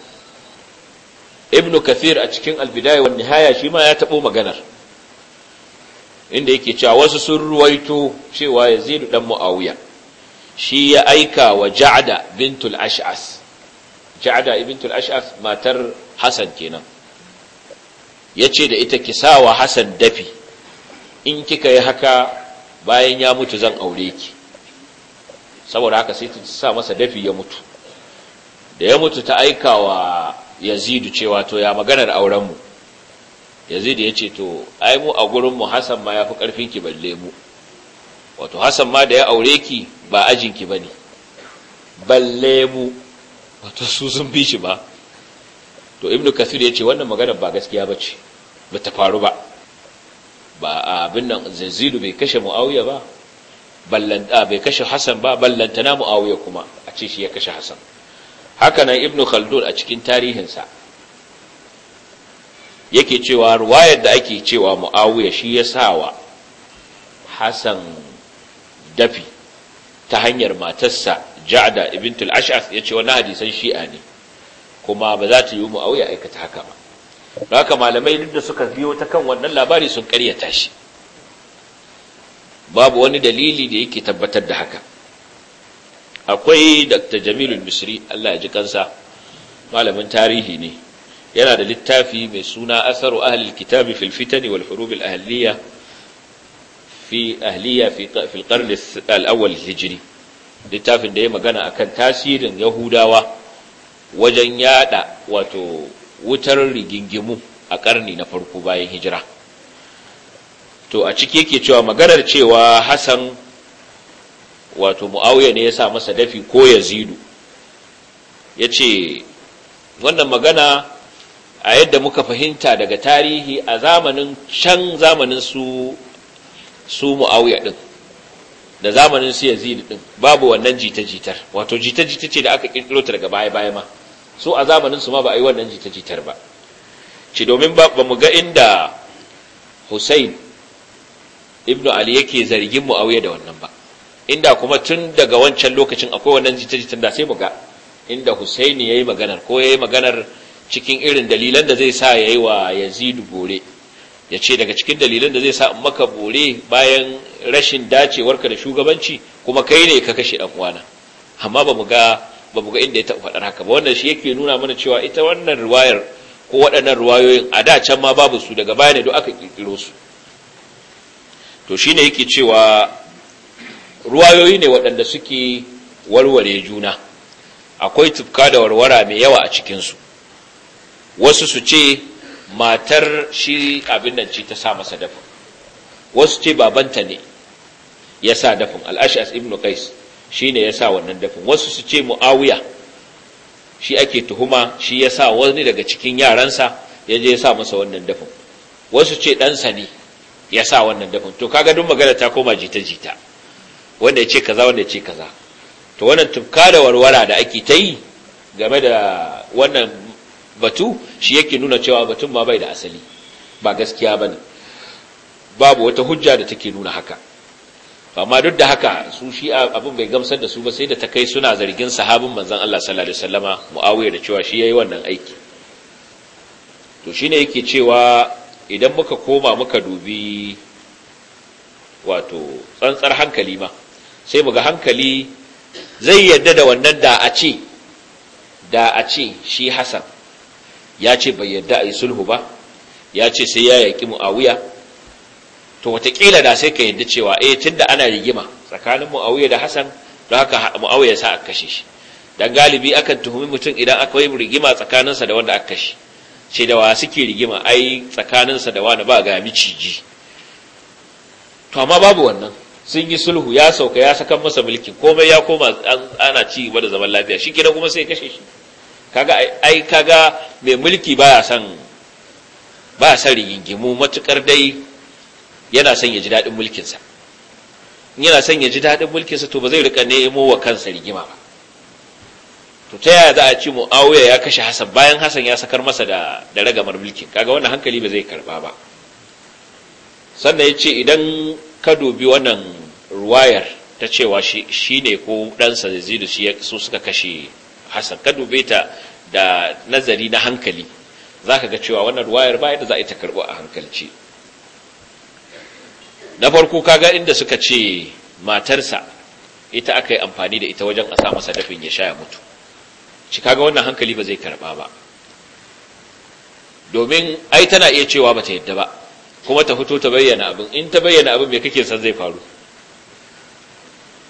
ibnu kafir a cikin albidaya wa nihaya shi ma ya taɓo maganar inda yake cewa wasu sun ruwaito cewa yazidu dan mu'awiya shi ya aika wa ja'da bintul ash'as ja'da bintul ash'as matar hasan kenan yace da ita ki sawa hasan dafi in kika yi haka bayan ya mutu zan aure ki saboda haka sai ta sa masa dafi ya mutu da ya mutu ta aika wa yazidu cewa to ya maganar aurenmu yazidu ya ce to ai mu a gurinmu hassan ma ya fi ƙarfinki balle mu wato hassan ma da ya aure ki ba ajinki ba ne balle mu wato su sun bi shi ba to ibnu kasir ya ce wannan maganar ba gaskiya ba ce ba ta faru ba ba abin nan zazidu bai kashe mu'awiya ba ballanta ah, bai kashe Hassan ba na Muawiya kuma a ce shi ya kashe Hassan haka nan Ibn Khaldun a cikin tarihinsa yake cewa ruwayar da ake cewa Muawiya shi ya sawa Hassan dafi ta hanyar matarsa Ja'da ibntul Ash'ath yace wannan hadisan shi'a ne kuma ba za ta yi Muawiya aikata haka ba haka malamai duk da suka biyo ta kan wannan labari sun ƙaryata shi babu wani dalili da yake tabbatar da haka akwai dr jamilu misri allah ya ji kansa malamin tarihi ne yana da littafi mai suna asaru ahlil kitabi fil fitani wal al ahliya fi ahliya fi fil qarn hijri littafin da ya magana akan tasirin yahudawa wajen yada wato wutar rigingimu a karni na farko bayan hijira to a ciki yake cewa maganar cewa Hassan wato Muawiya ne ya sa masa dafi ko Yazidu ce wannan magana a yadda muka fahimta daga tarihi a zamanin can zamanin su su Muawiya din da zamanin su zidu din babu wannan jita-jitar wato jita-jita ce da aka kirkiro ta daga baya-baya ma su a zamanin su ma ba a yi wannan jita-jitar ba ce domin ba mu ga inda Hussein ibnu ali yake zargin muawiya da wannan ba inda kuma tun daga wancan lokacin akwai wannan jita-jitan da sai buga inda husaini yi maganar ko yayi maganar cikin irin dalilan da zai sa ya yi wa yazid bore ya ce daga cikin dalilan da zai sa maka bore bayan rashin dacewarka da shugabanci kuma kai ne ka kashe dan uwana amma ba mu ga ba mu ga inda ya taɓa faɗar haka ba wannan shi yake nuna mana cewa ita wannan riwayar ko waɗannan riwayoyin a da can ma babu su daga baya ne duk aka ƙirƙiro su to shi ne yake cewa ruwayoyi ne waɗanda suke warware juna akwai tufka da warwara mai yawa a cikinsu wasu su ce matar shi abin nan ce ta sa masa dafin wasu ce babanta ne ya sa dafin al'ashas ibn qais shi ne ya sa wannan dafin wasu su ce mu'awiya shi ake tuhuma shi ya sa wani daga cikin yaransa ya je ya sa masa wannan dafin wasu ce ɗansa ne ya sa wannan dafin to kaga duk magana ta koma jita-jita wanda ya ce kaza wanda ya ce kaza to wannan tufka da warwara da ake ta yi game da wannan batu shi yake nuna cewa batun ma bai da asali ba gaskiya ba ne babu wata hujja da take nuna haka amma duk da haka su shi abin bai gamsar da su ba sai da ta kai suna zargin sahabin manzon Allah sallallahu alaihi wasallama muawiya da cewa shi yayi wannan aiki to shine yake cewa idan muka koma muka dubi wato tsantsar hankali ma sai muga hankali zai yadda da wannan da a ce da a ce shi Hassan ya ce bai yadda a yi sulhu ba ya ce sai ya yaƙi mu'awiya to wataƙila da sai ka yadda cewa eh tunda ana rigima tsakanin mu'awiya da Hassan don haka mu'awiya sa a kashe shi dan galibi akan tuhumi mutum idan akwai rigima tsakaninsa da wanda aka kashe ce da wa suke rigima ai tsakaninsa da wani ba ga miciji to amma babu wannan sun yi sulhu ya sauka ya sakan masa mulkin komai ya koma ana ci gaba da zaman lafiya shi kenan kuma sai kashe shi kaga ai kaga mai mulki baya son ba son rigingimu matukar dai yana son ya ji daɗin mulkinsa yana son ya ji daɗin mulkinsa to ba zai rika nemo wa kansa rigima ba to ta yaya za a ci mu'awiyar ya kashe hasan bayan hasan ya sakar masa da da ragamar mulkin kaga wannan hankali ba zai karba ba sannan ya ce idan ka dubi wannan ruwayar ta cewa shi ne ko ɗansa zaizidu shi su suka kashe hasan ka dube ta da nazari na hankali za ka ga cewa wannan ruwayar ba yadda za a yi ta karɓo a hankalci na farko kaga inda suka ce matarsa ita aka yi amfani da ita wajen a sa masa dafin ya sha ya mutu shi kaga wannan hankali ba zai karba ba domin ai tana iya cewa ba ta yadda ba kuma ta fito ta bayyana abin in ta bayyana abin me kake san zai faru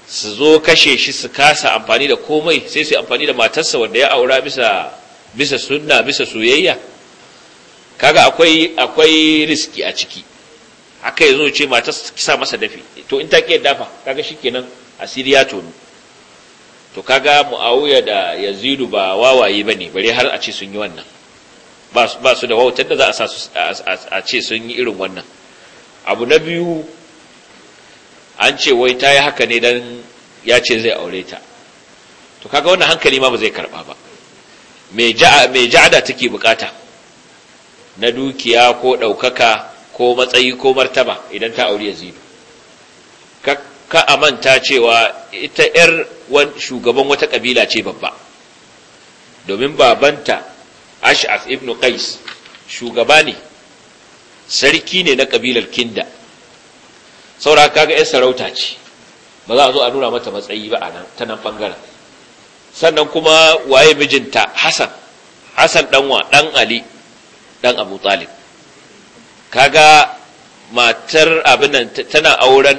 su zo kashe shi su kasa amfani da komai sai su amfani da matarsa wanda ya aura bisa bisa sunna bisa soyayya kaga akwai akwai riski a ciki haka yazo ce matarsa kisa masa dafi to in ta ke dafa kaga shikenan asiri ya tonu to kaga muawiya da yazidu ba wawaye bane bare har a ce sun yi wannan ba su da wautar da za a ce sun yi irin wannan abu na biyu an ce wai ta yi haka ne don ya ce zai aure ta to kaga wannan hankali ma ba zai karba ba mai ja'ada take bukata na dukiya ko ɗaukaka ko matsayi ko martaba idan ta aure yazidu ka amanta cewa ita 'yar shugaban wata kabila ce babba domin babanta ash'af ibn qais shugaba ne sarki ne na kabilar kinda saura kaga yan sarauta ce ba za a zo a nuna mata matsayi ba anan ta nan bangaren sannan kuma waye mijinta hasan hasan danwa dan ali dan abu talib kaga matar abinan tana auren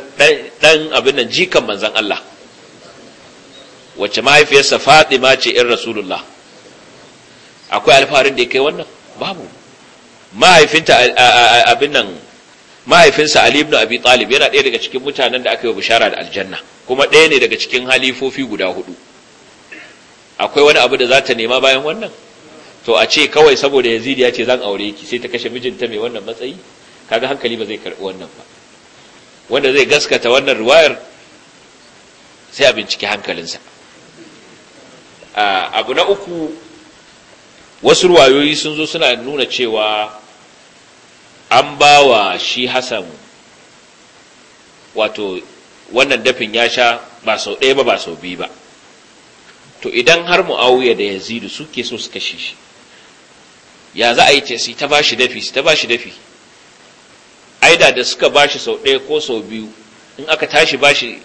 dan abinan jikan manzan Allah wacce mahaifiyarsa fatima ce in rasulullah akwai alfaharin da ya kai wannan babu mahaifinsa ali ibn abi talib yana ɗaya daga cikin mutanen da aka yi bishara da aljanna kuma ɗaya ne daga cikin halifofi guda hudu akwai wani abu da za ta nema bayan wannan to a ce kawai saboda yazid ya ce zan aure ki sai ta kashe mijinta mai wannan matsayi kaga hankali ba zai karɓi wannan ba wanda zai gaskata wannan ruwayar sai a binciki hankalinsa abu na uku wasu ruwayoyi sun zo suna nuna cewa an ba wa shi hassan wato wannan dafin ya sha ba sau ɗaya ba ba sau biyu ba to idan har mu'awiyar da yazidu suke so su kashe shi ya za a yi ce su ta shi dafi su ta shi dafi aida da suka ba shi sau ɗaya ko sau biyu in aka tashi bashi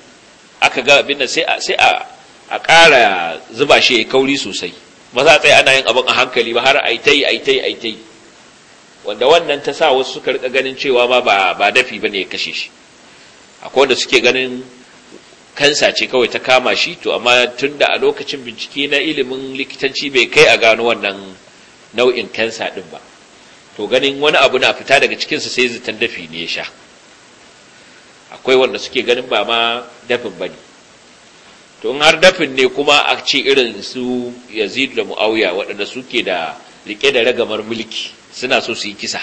aka ga abin sai a a ƙara zuba shi ya kauri sosai ba za a tsaye ana yin abin a hankali ba har aitai aitai aitai wanda wannan ta sa wasu suka rika ganin cewa ma ba dafi ba ne ya kashe shi akwai wanda suke ganin kansa ce kawai ta kama shi to amma tun da a lokacin bincike na ilimin likitanci bai kai a gano wannan nau'in kansa din ba to ganin wani abu na fita daga su sai zitan dafi ne ya sha akwai wanda suke ganin ba ma dafin ba ne to in har dafin ne kuma a ce irin su yazid da mu'awiya waɗanda suke da rike da ragamar mulki suna so su yi kisa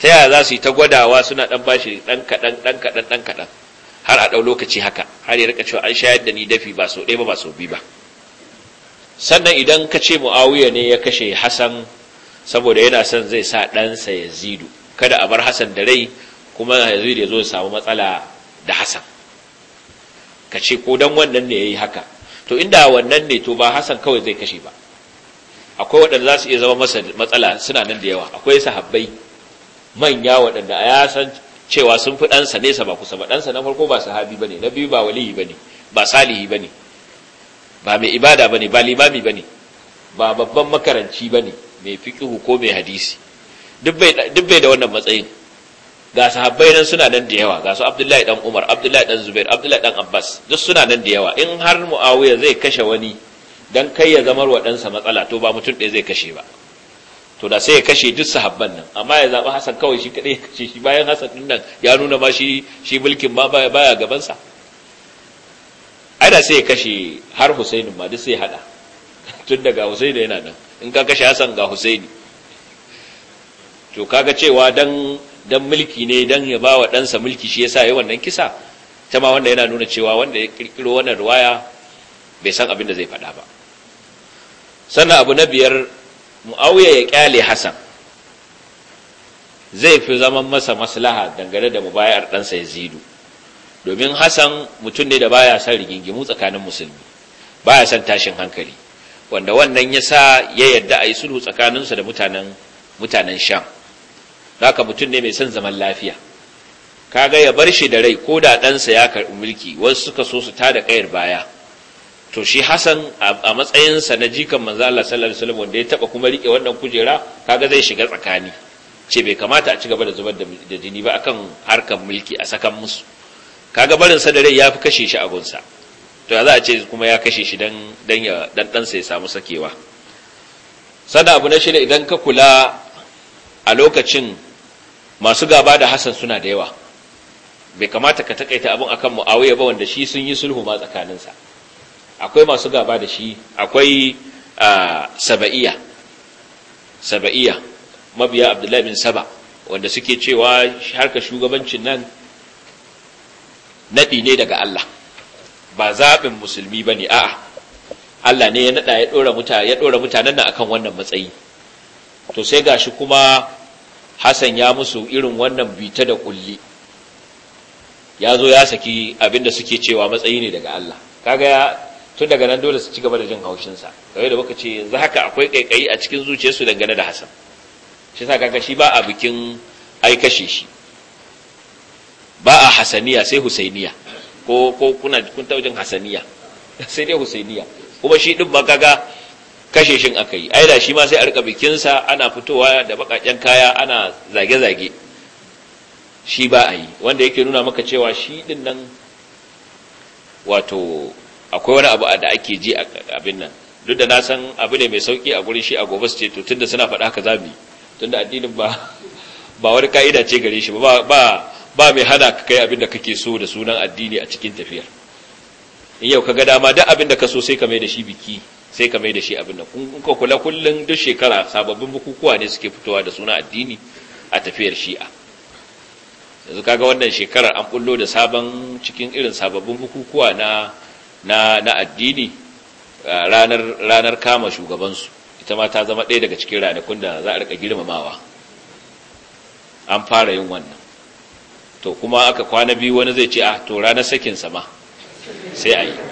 ta yaya za su yi ta gwadawa suna ɗan bashi ɗan kaɗan ɗan kaɗan ɗan kaɗan har a ɗau lokaci haka har ya rika cewa an shayar da ni dafi ba sau ɗaya ba ba sau biyu ba sannan idan ka ce mu'awiya ne ya kashe hasan saboda yana son zai sa ɗansa yazidu kada a bar hasan da rai kuma yazidu ya zo ya samu matsala da hasan ka ce ko dan wannan ne ya yi haka to inda wannan ne to ba Hassan kawai zai kashe ba akwai waɗanda za su iya zama masa matsala suna nan da yawa akwai sahabbai manya waɗanda a yasan cewa sun fi ɗansa nesa ba kusa ba ɗansa na farko ba sahabi ba ne, na biyu ba waliyi ne, ba salihi ne, ba mai ibada ba ne, ba limami ba ne, ba babban makaranci ne mai fiƙihu ko mai hadisi duk bai da wannan matsayin ga sahabbai nan suna nan da yawa ga su abdullahi dan umar abdullahi dan zubair abdullahi dan abbas duk suna nan da yawa in har muawiya zai kashe wani dan kai ya zamar wa ɗansa matsala to ba mutum ɗaya zai kashe ba to da sai ya kashe duk sahabban nan amma ya zaɓi hasan kawai shi kaɗai ya kashe shi bayan hasan ɗin nan ya nuna ma shi shi mulkin ma baya gabansa ai da sai ya kashe har husainin ma duk sai ya haɗa tun daga husaini yana nan in ka kashe hasan ga husaini to kaga cewa dan dan mulki ne dan ya bawa ɗansa mulki shi yasa yayin wannan kisa ta ma wanda yana nuna cewa wanda ya kirkiro wannan ruwaya bai san abin da zai faɗa ba sannan abu na biyar mu'awiya ya kyale hasan zai fi zaman masa maslaha dangane da mubayar ɗansa yazidu domin hasan mutum ne da baya son rigingimu tsakanin musulmi baya son tashin hankali wanda wannan yasa ya yadda a yi sulhu tsakaninsa da mutanen mutanen sham Zaka mutum ne mai son zaman lafiya kaga ya bar shi da rai ko da ɗansa ya karɓi mulki wasu suka so su tada ƙayar baya to shi Hassan a matsayinsa na jikan manzo Allah sallallahu alaihi wasallam wanda ya taba kuma rike wannan kujera kaga zai shiga tsakani ce bai kamata a ci gaba da zubar da jini ba akan harkan mulki a sakan musu kaga barin sa da rai ya fi kashe shi a gunsa to za a ce kuma ya kashe shi dan dan ya dan dan ya samu sakewa sada abu na shida idan ka kula a lokacin masu gaba da Hassan suna da yawa bai kamata ka takaita abin akan Muawiya ba wanda shi sun yi sulhu ma tsakaninsa akwai masu gaba da shi akwai saba'iya saba'iya mabiya Abdullahi bin Saba wanda suke cewa harka shugabancin nan naɗi ne daga Allah ba zaɓin musulmi ba ne a'a Allah ne ya naɗa ya ɗora mutanen nan akan wannan matsayi to sai gashi kuma Hassan ya musu irin wannan bita da kulli ya zo ya saki abinda suke cewa matsayi ne daga Allah kaga tun daga nan dole su ci gaba da jin haushinsa kawai da baka ce yanzu haka akwai kaikayi a cikin zuciyarsu dangane da Hassan shi sa kaga shi ba a bikin ai kashe shi ba a hasaniya sai husainiya ko ko kuna kun taujin hasaniya sai dai husainiya kuma shi din ma kaga kashe shin aka yi ai da shi ma sai a rika bikinsa ana fitowa da bakaken kaya ana zage-zage shi ba a yi wanda yake nuna maka cewa shi din nan wato akwai wani abu da ake ji a abin nan duk da na san abu ne mai sauki a gurin shi a gobe su ce to tunda suna faɗa haka zabi tunda addinin ba ba wani ka'ida ce gare shi ba ba ba mai hana ka kai abin da kake so da sunan addini a cikin tafiyar in yau ka ga dama duk abin da ka so sai ka mai da shi biki sai ka mai da shi abin nan kun ka kula kullum duk shekara sababbin bukukuwa ne suke fitowa da suna addini a tafiyar shi'a yanzu kaga wannan shekarar an kullo da sabon cikin irin sababbin bukukuwa na na na addini ranar ranar kama shugabansu ita ma ta zama ɗaya daga cikin ranakun da za a rika girmamawa an fara yin wannan to kuma aka kwana biyu wani zai ce ah to ranar sakin sama sai a yi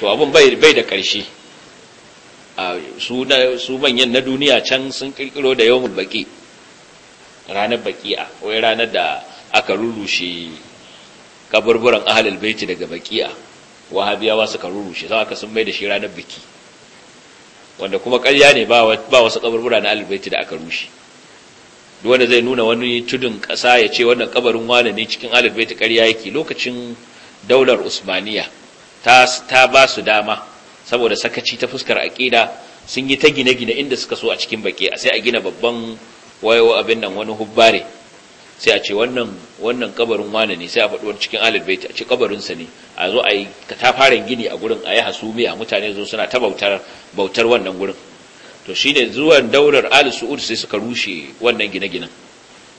to abun bai bai da ƙarshe su manyan na duniya can sun kirkiro da yawon baki ranar baki'a wai ranar da aka rurrushe kaburburan ahalil baiti daga baki'a wahabiyawa suka rurrushe sau aka sun mai da shi ranar biki wanda kuma ƙarya ne ba wasu kaburbura na ahalil baiti da aka rushe duk wanda zai nuna wani tudun ƙasa ya ce wannan kabarin wane ne cikin ahalil baiti ƙarya yake lokacin daular usmaniya ta ba su dama saboda sakaci ta fuskar aqida sun yi ta gine-gine inda suka so a cikin baƙi a sai a gina babban wayo abin nan wani hubbare sai a ce wannan wannan kabarin wani ne sai a faɗuwar cikin alil a ce sa ne a zo a yi ta fara gini a gurin a yi hasumiya mutane zo suna ta bautar bautar wannan gurin to shine zuwan daular ali su'ud sai suka rushe wannan gine-ginen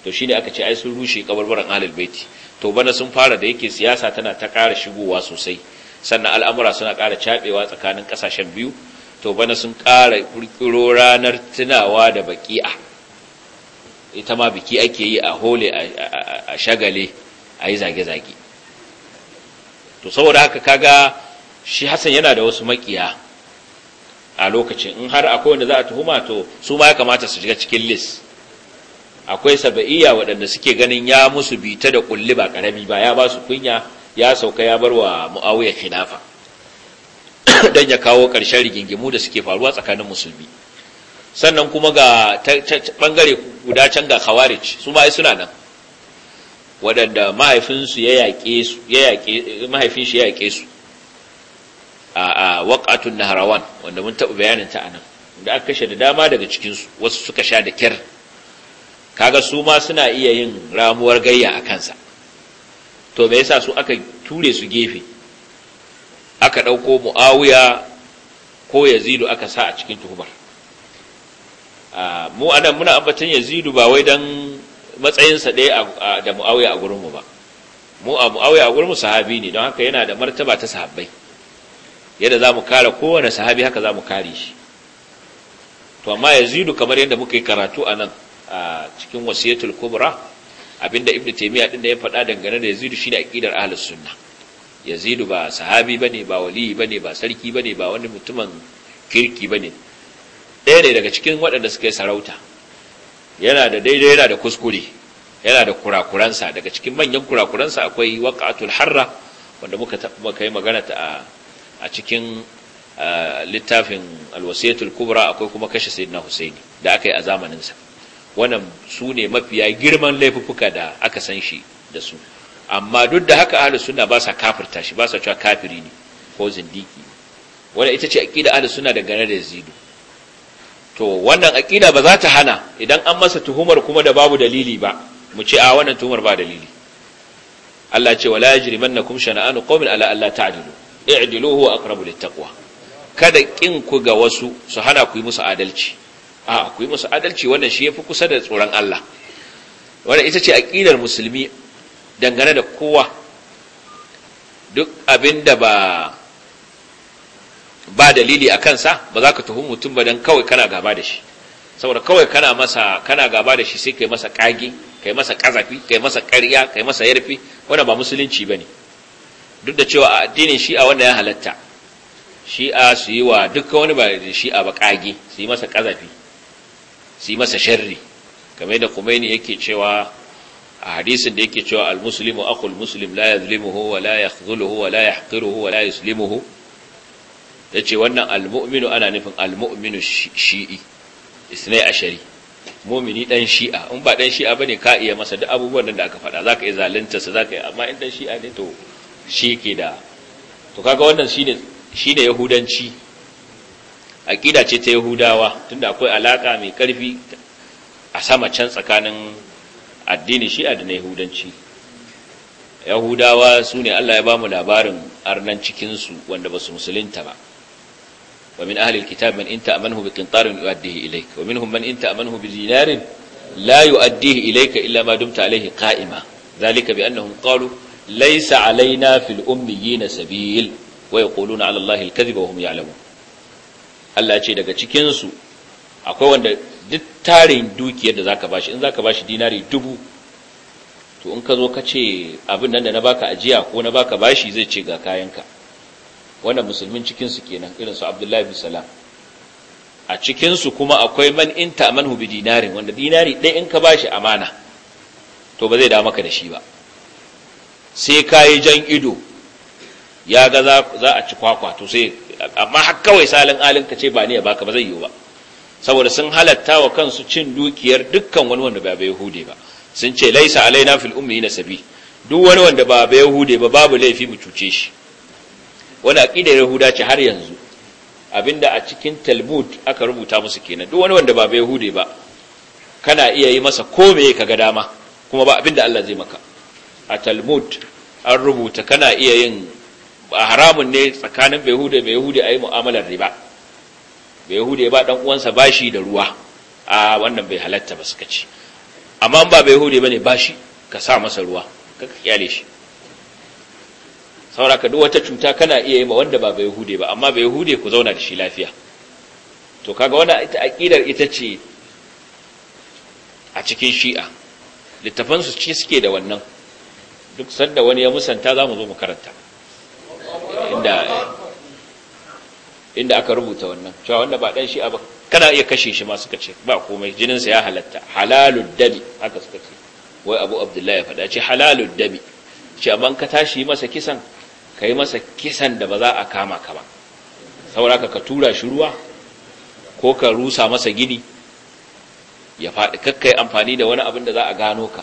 to shine aka ce ai sun rushe kabarbaran alil baiti to bana sun fara da yake siyasa tana ta ƙara shigowa sosai sannan al'amura suna ƙara caɓewa tsakanin ƙasashen biyu to bana sun ƙara ƙirƙiro ranar tunawa da baƙi'a ita ma biki ake yi a hole a shagale a yi zage-zage to saboda haka kaga shi hassan yana da wasu maƙiya a lokacin in har akwai wanda za a tuhuma to su ma ya kamata su shiga cikin lis akwai saba'iya waɗanda suke ganin ya musu bita da ƙulli ba ƙarami ba ya ba su kunya ya sauka ya bar wa mu'awiyar khilafa dan ya kawo ƙarshen rigingimu da suke faruwa tsakanin musulmi sannan kuma ga bangare guda can ga khawarij su ma suna nan waɗanda mahaifinsu ya yaƙe su ya mahaifin shi ya yaƙe su a waqatun nahrawan wanda mun taɓa bayanin ta anan da aka kashe da dama daga cikin su wasu suka sha da kyar kaga su ma suna iya yin ramuwar gayya a kansa to me yasa su aka ture su gefe aka ɗauko mu'awiya ko yazidu aka sa a cikin tuhumar mu anan muna ambatan yazidu ba wai don matsayinsa ɗaya da mu'awiya a gurinmu ba mu a mu'awiya a gurinmu sahabi ne don haka yana da martaba ta sahabbai yadda za mu kare kowane sahabi haka za mu kare shi to amma yazidu kamar yadda muka yi karatu a nan a cikin wasiyatul kubra abinda ibnu taymiya din da ya faɗa dangane da yazid shine aqidar ahlus sunna Yazidu ba sahabi bane ba wali bane ba sarki bane ba wani mutumin kirki bane ɗaya ne daga cikin waɗanda suka yi sarauta yana da daidai yana da kuskure yana da kurakuransa daga cikin manyan kurakuransa akwai waqatul harra wanda muka muka yi magana ta a cikin littafin alwasiyatul kubra akwai kuma kashe sayyidina husaini da aka yi a sa wannan su ne mafiya girman laifuka da aka san shi da su amma duk da haka ahlus sunna ba sa kafirta shi ba sa cewa kafiri ne ko zindiki wannan ita ce aqida ahlus sunna dangane da yazidu to wannan aqida ba za ta hana idan an masa tuhumar kuma da babu dalili ba mu ce a wannan tuhumar ba dalili Allah ce wala yajrimannakum shana'anu qawmin ala alla ta'dilu i'dilu huwa aqrabu taqwa kada kin ku ga wasu su hana ku yi musu adalci a akwai musu adalci wannan shi yafi kusa da tsoron Allah wannan ita ce aqidar musulmi dangane da kowa duk abinda ba ba dalili a kansa ba za ka tuhu mutum ba dan kawai kana gaba da shi saboda kawai kana masa kana gaba da shi sai kai masa kage kai masa kazafi kai masa ƙarya kai masa yarfi wannan ba musulunci bane duk da cewa a addinin shi'a wanda ya halatta shi'a su yi wa duk wani ba shi'a ba kage su yi masa kazafi su masa sharri kamar da kumaini yake cewa a hadisin da yake cewa al-muslimu akhul muslim la yadhlimuhu wa la yakhdhuluhu wa la yahqiruhu wa la yuslimuhu yace wannan al-mu'minu ana nufin al-mu'minu shi'i isnai ashari mu'mini dan shi'a in ba dan shi'a bane ka iya masa duk abubuwan da aka faɗa zaka iya zalunta sa zaka iya amma in dan shi'a ne to shi ke da to kaga wannan shine shine yahudanci aƙida ce ta yahudawa tunda akwai alaƙa mai karfi a sama can tsakanin addini shi'a da na yahudanci yahudawa su ne Allah ya ba mu labarin arnan cikinsu wanda ba su musulunta ba wa min ahlil kitab man inta amanhu bi qintarin yu'addihi ilayka wa minhum man inta amanhu bi dinarin la yu'addihi ilayka illa ma dumta alayhi qa'ima dhalika bi annahum qalu laysa alaina fil ummiyina sabil wa yaquluna ala allahi al-kadhiba wa hum ya'lamun Allah ce daga cikinsu akwai wanda duk tarin dukiyar da zaka bashi in zaka bashi dinari dubu to in ka zo ka ce abin nan da na baka ajiya ko na baka bashi zai ce ga kayanka wannan musulmin cikinsu kenan irin su Abdullahi bin Salam a cikinsu kuma akwai man in ta'manhu bi dinarin wanda dinari ɗaya in ka bashi amana to ba zai da maka da shi ba sai kayi jan ido ya ga za a ci kwakwa to sai amma har kawai salin alin ka ce ba ni ya baka ba zai yiwu ba saboda sun halatta wa kansu cin dukiyar dukkan wani wanda ba yahudi ba sun ce laisa alaina fil ummi nasabi duk wani wanda ba ba yahudi ba babu laifi mu cuce shi wani aqidar yahuda ce har yanzu abinda a cikin talmud aka rubuta musu kenan duk wani wanda ba ba yahudi ba kana iya yi masa ko me ka ga dama kuma ba abinda Allah zai maka a talmud an rubuta kana iya yin haramun ne tsakanin bai hude Bai hude a yi mu'amalar riba bai hude ba ɗan uwansa bashi da ruwa a wannan bai halatta ba suka ci amma ba bai hude ba ne bashi ka sa masa ruwa ka kyale shi ka duk wata cuta kana iya yi ma wanda ba bai hude ba amma bai hude ku zauna da shi lafiya to kaga wannan ita aqidar ita ce a cikin shi'a littafansu ce suke da wannan duk sanda wani ya musanta za mu zo mu karanta inda aka rubuta wannan cewa wanda ba dan a ba kana iya kashe shi ma suka ce ba komai jininsa ya halatta halalud dami haka suka ce wai abu abdullahi ya faɗa ce halalud dami ce amma ka tashi masa kisan ka yi masa kisan da ba za a kama ka ba sauraka ka tura shi ruwa ko ka rusa masa gini ya faɗi kakkai amfani da wani abin da za a gano ka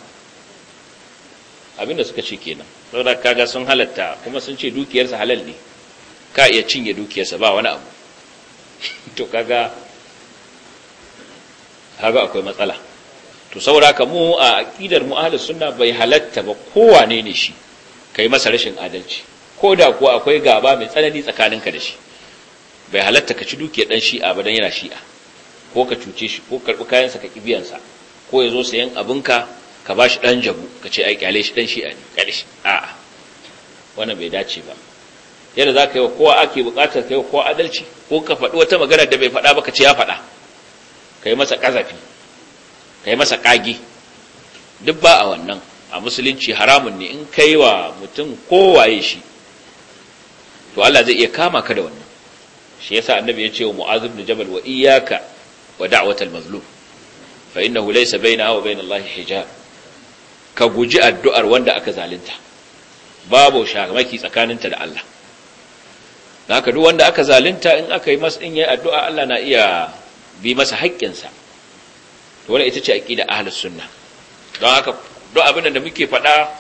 abin da suka ce kenan saboda kaga sun halatta kuma sun ce dukiyarsa halal ne ka iya cinye dukiyarsa ba wani abu to kaga haka akwai matsala to saboda ka mu a aqidar mu ahlus sunna bai halatta ba kowane ne shi kai masa rashin adalci ko da kuwa akwai gaba mai tsanani tsakaninka da shi bai halatta ka ci dukiyar dan shi'a ba dan yana shi'a ko ka cuce shi ko karbi kayan sa ka kibiyansa ko ya zo sayan abinka ka ba shi ɗan jabu ka ce ai ƙyale shi ɗan shi a Ƙyale shi a'a wannan bai dace ba yadda za ka yi wa kowa ake buƙatar ka yi wa kowa adalci ko ka faɗi wata magana da bai faɗa ba ka ce ya faɗa ka yi masa ƙazafi ka yi masa ƙagi duk ba a wannan a musulunci haramun ne in kai wa mutum kowaye shi to Allah zai iya kama ka da wannan shi yasa annabi ya ce wa mu'az ibn jabal wa iyyaka wa da'watal mazlum fa innahu laysa bainaha wa bain hijab ka guji addu'ar wanda aka zalunta babu shamaki tsakaninta da Allah haka duk wanda aka zalunta in aka yi masa ya yi addu'a Allah na iya bi masa haƙƙinsa to wani ita ce da ahlus sunna don haka duk abin da muke faɗa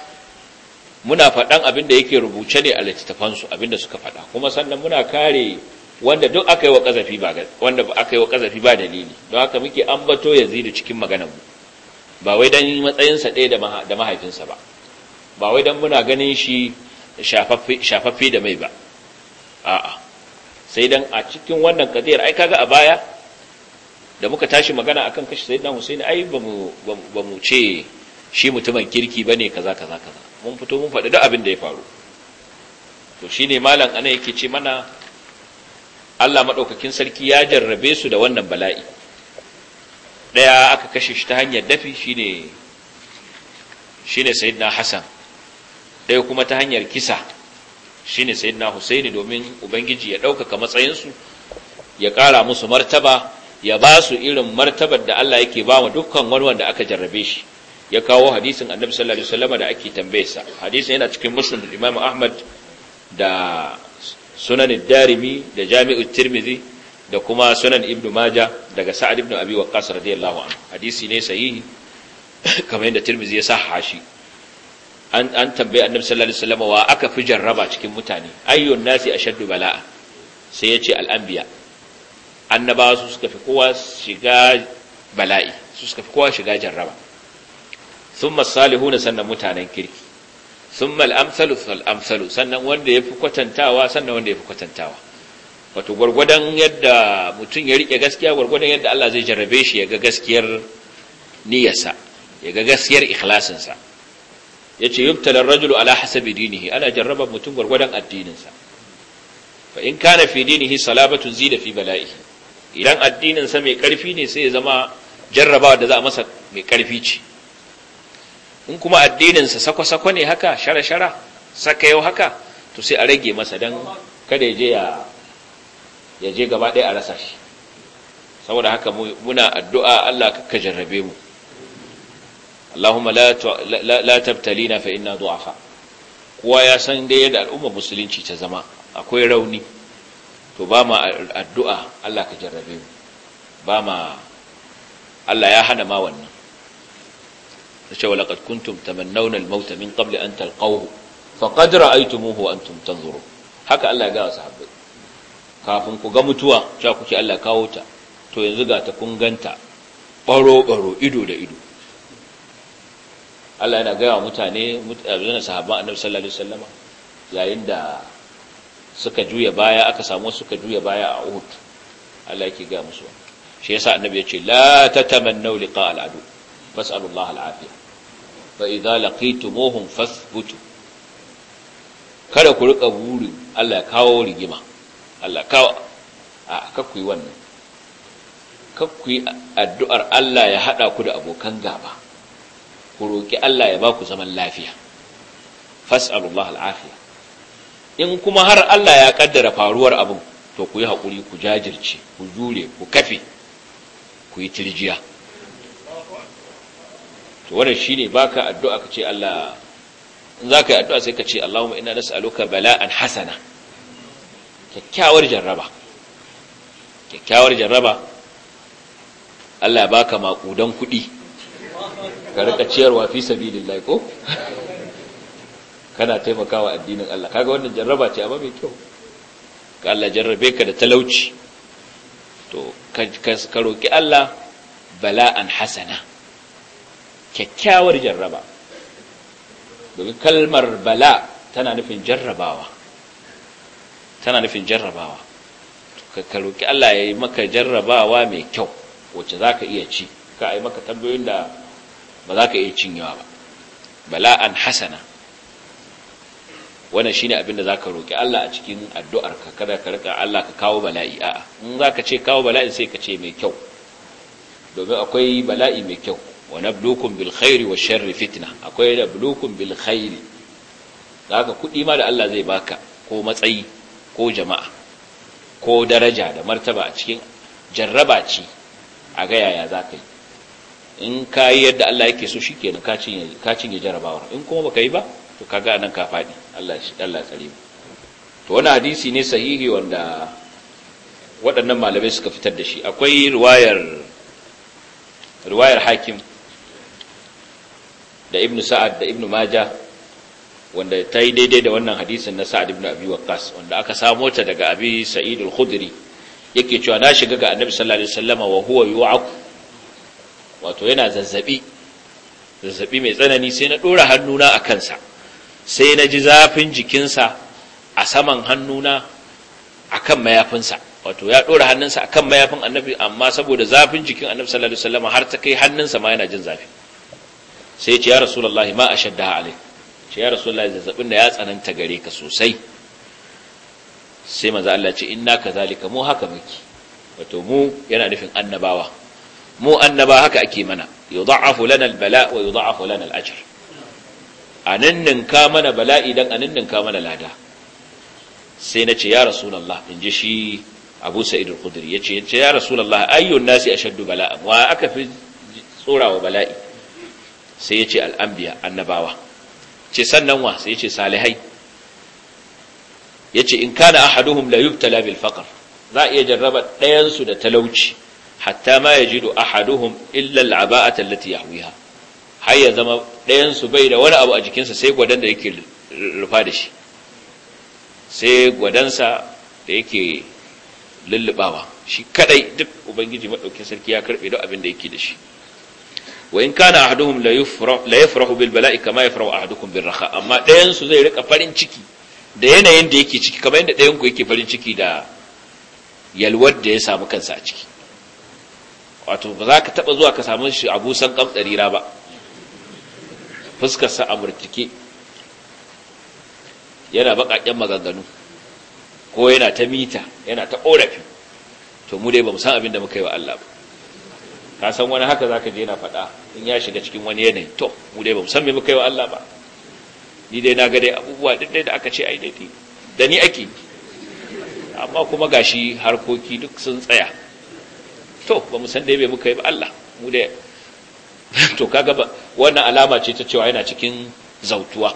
muna faɗan abin da yake rubuce ne a littattafan su abin da suka faɗa kuma sannan muna kare wanda duk aka yi wa kazafi ba dalili don haka muke ambato da cikin maganar mu ba wai dan matsayinsa ɗaya da mahaifinsa ba ba wai dan muna ganin shi shafaffe da mai ba a'a sai dan a cikin wannan kadiyar ai kaga a baya da muka tashi magana akan kashi dan Husaini ai ba mu ce shi mutumin kirki ba ne, kaza kaza kaza mun fito mun faɗi duk abin da ya faru to shi ne malam ana yake ce mana Allah maɗaukakin sarki ya jarrabe su da wannan bala'i ɗaya aka kashe shi ta hanyar dafi shine shine sayyidina hasan ɗaya kuma ta hanyar kisa shine sayyidina husaini domin ubangiji ya ɗaukaka matsayinsu ya ƙara musu martaba ya ba su irin martabar da Allah yake ba wa dukkan wani wanda aka jarrabe shi ya kawo hadisin annabi sallallahu alaihi wasallam da ake tambayarsa hadisin yana cikin muslim imam ahmad da sunan darimi da jami'u tirmidhi da kuma sunan ibn maja daga sa'ad ibn abi waqqas radiyallahu anhu hadisi ne sahihi kamar yadda tirmizi ya sahha shi an an tambaye annabi sallallahu alaihi wasallam wa aka fi jarraba cikin mutane ayyun nasi ashaddu bala'a sai yace al anbiya annabawa su suka fi kowa shiga bala'i su suka fi kowa shiga jarraba thumma salihuna sannan mutanen kirki thumma al amsalu fal amsalu sannan wanda yafi kwatantawa sannan wanda yafi kwatantawa wato gwargwadon yadda mutum ya rike gaskiya gwargwadon yadda Allah zai jarrabe shi ya ga gaskiyar niyyarsa ya ga gaskiyar ikhlasinsa ya ce rajul rajulu ala hasabi dinihi ana jarraba mutum gwargwadon addininsa fa in kana fi dinihi salabatun zida fi bala'ihi idan addininsa mai karfi ne sai ya zama jarrabawa da za a masa mai karfi ce in kuma addininsa sako-sako ne haka shara-shara yau haka to sai a rage masa don kada ya je ya ya je gaba ɗaya a rasa shi saboda haka muna addu'a Allah ka jarrabe mu Allahumma la na fa inna du'afa Kuwa ya san dai yadda al'umma musulunci ta zama akwai rauni to ba ma addu'a Allah ka jarrabe mu ba ma Allah ya hana ma wannan tace wa laqad kuntum tamannawna al-mauta min qabli an talqawhu aitu ra'aytumuhu an antum tanzurun haka Allah ya ga sahabbai kafin ku ga mutuwa sha kuke Allah kawo ta to yanzu ga ta kun ganta baro baro ido da ido Allah yana gaya wa mutane mutane sahabban Annabi sallallahu alaihi wasallama yayin da suka juya baya aka samu suka juya baya a Uhud Allah yake ga musu shi yasa Annabi ya ce la tatamannu liqa al-adu fas'alullaha al-afiya fa idza laqitumuhum fathbutu kada ku rika burin Allah ya kawo rigima Allah kawo a kakku yi wannan kakku yi addu'ar Allah ya haɗa ku da abokan gaba ku roƙi Allah ya ba ku zaman lafiya fas'alullah al'afiya in kuma har Allah ya ƙaddara faruwar abin to ku yi haƙuri ku jajirce ku jure ku kafe ku yi tirjiya to wannan shine baka addu'a ka ce Allah in za ka yi addu'a sai kace Allahumma ina inna aluka bala'an hasana kyakkyawar jarraba kyakkyawar jarraba Allah ya baka makudan kuɗi ka rika ciyarwa fi sabilillahi ko kana taimakawa addinin Allah kaga wannan jarraba ce amma mai kyau ka Allah jarrabe ka da talauci to ka roki Allah bala'an hasana kyakkyawar jarraba domin kalmar bala tana nufin jarrabawa tana nufin jarrabawa ka roƙi Allah ya yi maka jarrabawa mai kyau wacce za ka iya ci ka yi maka tambayoyin da ba za ka iya cinyewa ba bala'an hasana wannan shine abin da zaka roki Allah a cikin addu'arka kada ka riƙa Allah ka kawo bala'i a'a in zaka ce kawo bala'i sai ka ce mai kyau domin akwai bala'i mai kyau Wani nablukum Bilkhairi wa sharri fitna akwai nablukum Bilkhairi. Za ka kuɗi ma da Allah zai baka ko matsayi ko jama'a ko daraja da martaba a cikin jarraba ce a ga yaya za ka yi in ka yi yadda Allah yake so shi kenan ka cinye jarrabawar in kuma baka yi ba to ka ga nan ka faɗi Allah tsare mu to wani hadisi ne sahihi wanda waɗannan malamai suka fitar da shi akwai riwayar hakim da ibnu sa'ad da ibnu Maja. wanda ta yi daidai da wannan hadisin na sa'ad ibn abi waqqas wanda aka samo ta daga abi sa'id al-khudri yake cewa na shiga ga annabi sallallahu alaihi wasallama wa huwa yu'aku wato yana zazzabi zazzabi mai tsanani sai na dora hannuna a kansa sai na ji zafin jikinsa a saman hannuna akan mayafinsa wato ya dora hannunsa akan mayafin annabi amma saboda zafin jikin annabi sallallahu alaihi wasallama har ta kai hannunsa ma yana jin zafi sai ya ce ya rasulullahi ma ashaddaha alaihi ce ya rasulullahi zazzabin da ya tsananta gare ka sosai sai maza Allah ce inna zalika mu haka muke wato mu yana nufin annabawa mu annaba haka ake mana yudha'afu lana albala wa yudha'afu lana al'ajar a aninnin ka mana bala'i a aninnin ka mana lada sai na ce ya rasulullah inji shi Abu Sa'id al-Khudri yace yace ya rasulullah ayyun nasi ashaddu bala'an wa aka fi tsorawa bala'i sai yace al-anbiya annabawa ce sannan wa sai ce salihai yace in kana ahaduhum la yubtala bil faqr za iya jarraba ɗayan su da talauci hatta ma ya yajidu ahaduhum illa al tallati allati har ya zama ɗayansu bai da wani abu a jikinsa sai gwadon da yake rufa da shi sai gwadansa da yake lullubawa shi kadai duk ubangiji maɗaukin sarki ya karɓe don abin da yake da shi wa in kana ahaduhum la yufrahu la yafrahu bil bala'i kama yafrahu ahadukum amma ɗayan su zai rika farin ciki da yanayin da yake ciki kamar yadda ɗayan ku yake farin ciki da yalwar da ya samu kansa a ciki wato ba za ka taba zuwa ka samu shi abu san kamtsarira ba fuskar sa amurtike yana bakakken maganganu ko yana ta mita yana ta korafi to mu dai ba mu san abin da muka yi wa Allah ba ka san wani haka zaka je yana faɗa in ya shiga cikin wani yanayi to mu dai ba mu san me muka yi wa Allah ba ni dai na ga dai abubuwa duk dai da aka ce ai daidai da ni ake amma kuma gashi harkoki duk sun tsaya to ba mu san dai me muka yi ba Allah mu dai to kaga ba wannan alama ce ta cewa yana cikin zautuwa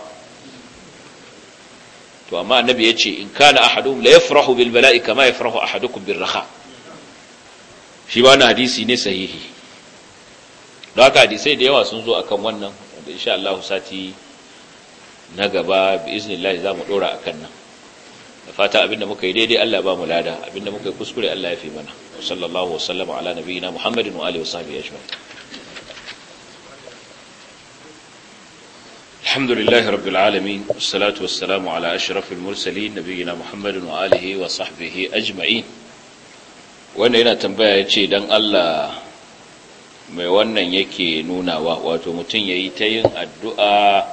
to amma annabi ce in kana ahadum la yafrahu bil bala'i kama yafrahu ahadukum bir raha' shi ba na hadisi ne sahihi don haka hadisai da yawa sun zo akan wannan wanda insha Allah sati na gaba bi iznillah za mu dora akan nan da fata abinda muka yi daidai Allah ba mu lada abinda muka yi kuskure Allah ya fi mana sallallahu wasallama ala nabiyina muhammadin wa alihi wasahbihi ajma'in الحمد لله رب العالمين والصلاة والسلام على أشرف المرسلين نبينا محمد وآله وصحبه أجمعين wanda yana tambaya ya ce don Allah mai wannan yake nunawa wato mutum ya yi ta yin addu'a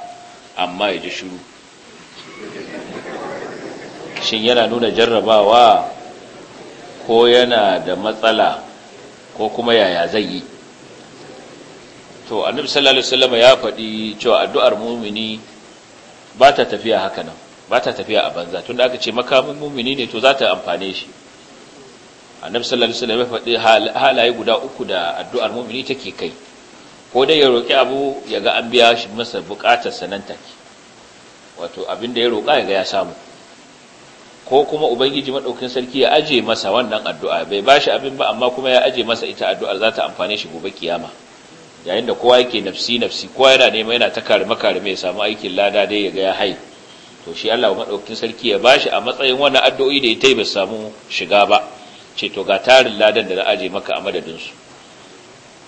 amma ya ji shuru shin yana nuna jarrabawa ko yana da matsala ko kuma yaya zai yi to annabi sallallahu alaihi wasallam ya faɗi cewa addu'ar mumini ba ta tafiya haka nan ba ta tafiya a banza tun da aka ce makamin mumini ne to za ta amfane shi annabi sallallahu alaihi wasallam ya faɗi halaye guda uku da addu'ar mu'mini take kai ko dai ya roki abu ya ga an biya shi masa bukatar sanan take wato abin da ya roka ya ga ya samu ko kuma ubangiji madaukin sarki ya aje masa wannan addu'a bai bashi abin ba amma kuma ya aje masa ita addu'ar za ta amfane shi gobe kiyama yayin da kowa yake nafsi nafsi kowa yana nema yana ta karima karime ya samu aikin lada dai ya ga ya hai to shi Allah madaukin sarki ya ba shi a matsayin wannan addu'o'i da ya taiba samu shiga ba ce to ga tarin ladan da za a je maka a madadinsu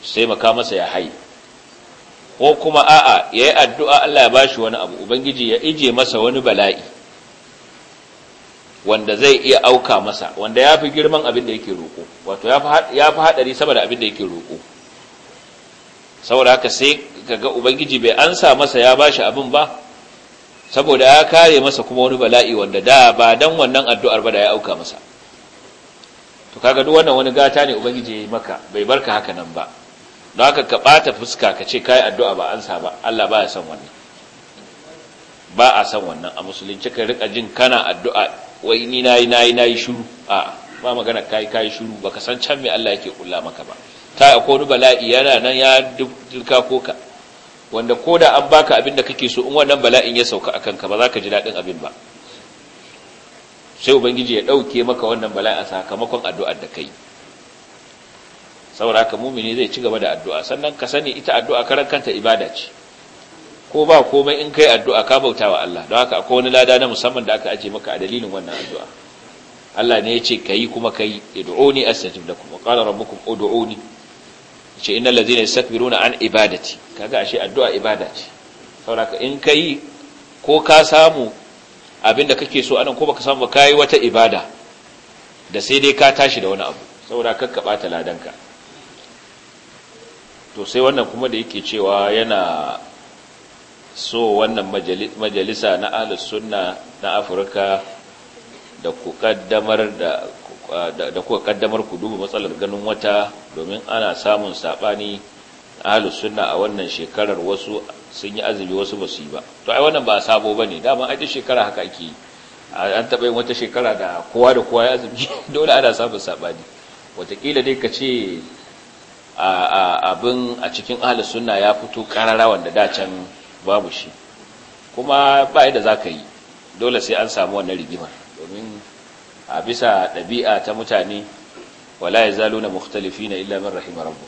sai maka masa ya hai ko kuma a'a ya yi addu'a Allah ya ba shi wani abu Ubangiji ya ije masa wani bala'i wanda zai iya auka masa wanda ya fi girman abin da yake roƙo wato ya fi haɗari sama da abin da yake roƙo saboda haka sai kaga Ubangiji bai ansa masa ya ba shi abin ba saboda ya kare masa kuma wani bala'i wanda da ba don wannan addu'ar ba da ya auka masa to kaga duk wannan wani gata ne ubangiji yayi maka bai barka haka nan ba don haka ka bata fuska ka ce kai addu'a ba ansa ba Allah baya son wannan ba a san wannan a musulunci ka rika jin kana addu'a wai ni nayi nayi nayi shiru a ba magana kai kai shiru baka san can me Allah yake kula maka ba ta akwai wani bala'i yana nan ya dukka koka wanda koda an baka abin da kake so in wannan bala'in ya sauka akan ka ba za ka ji daɗin abin ba sai ubangiji ya dauke maka wannan bala'i a sakamakon addu'ar da kai saboda ka mumini zai ci gaba da addu'a sannan ka sani ita addu'a karan kanta ibada ce ko ba komai in kai addu'a ka bauta wa Allah don haka akwai wani lada na musamman da aka aje maka a dalilin wannan addu'a Allah ne ya ce ka yi kuma ka yi id'uni astajib lakum wa qala rabbukum ud'uni ce innal ladzina yastakbiruna an ibadati kaga ashe addu'a ibada ce saboda in kai ko ka samu Abin abinda kake so anan ko baka samu kai wata ibada da sai dai ka tashi da wani abu saboda ka bata ladanka to sai wannan kuma da yake cewa yana so wannan majalisa na ahlus sunna na Afirka da ku kaddamar da da kuka kaddamar ku duba matsalar ganin wata domin ana samun sabani ahlus sunna a wannan shekarar wasu sun yi azumi wasu ba su yi ba to ai wannan ba sabo ba ne daman aiki shekara haka ake yi an taɓa yin wata shekara da kowa da kowa ya azumi dole ana samun saɓani watakila dai ka ce abin a cikin ahalar suna ya fito ƙarara wanda can babu shi kuma ba yadda za ka yi dole sai an samu wannan rigima domin a bisa ɗabi'a ta mutane wala ya zalo na muhtalifi na illa min rahimar rabu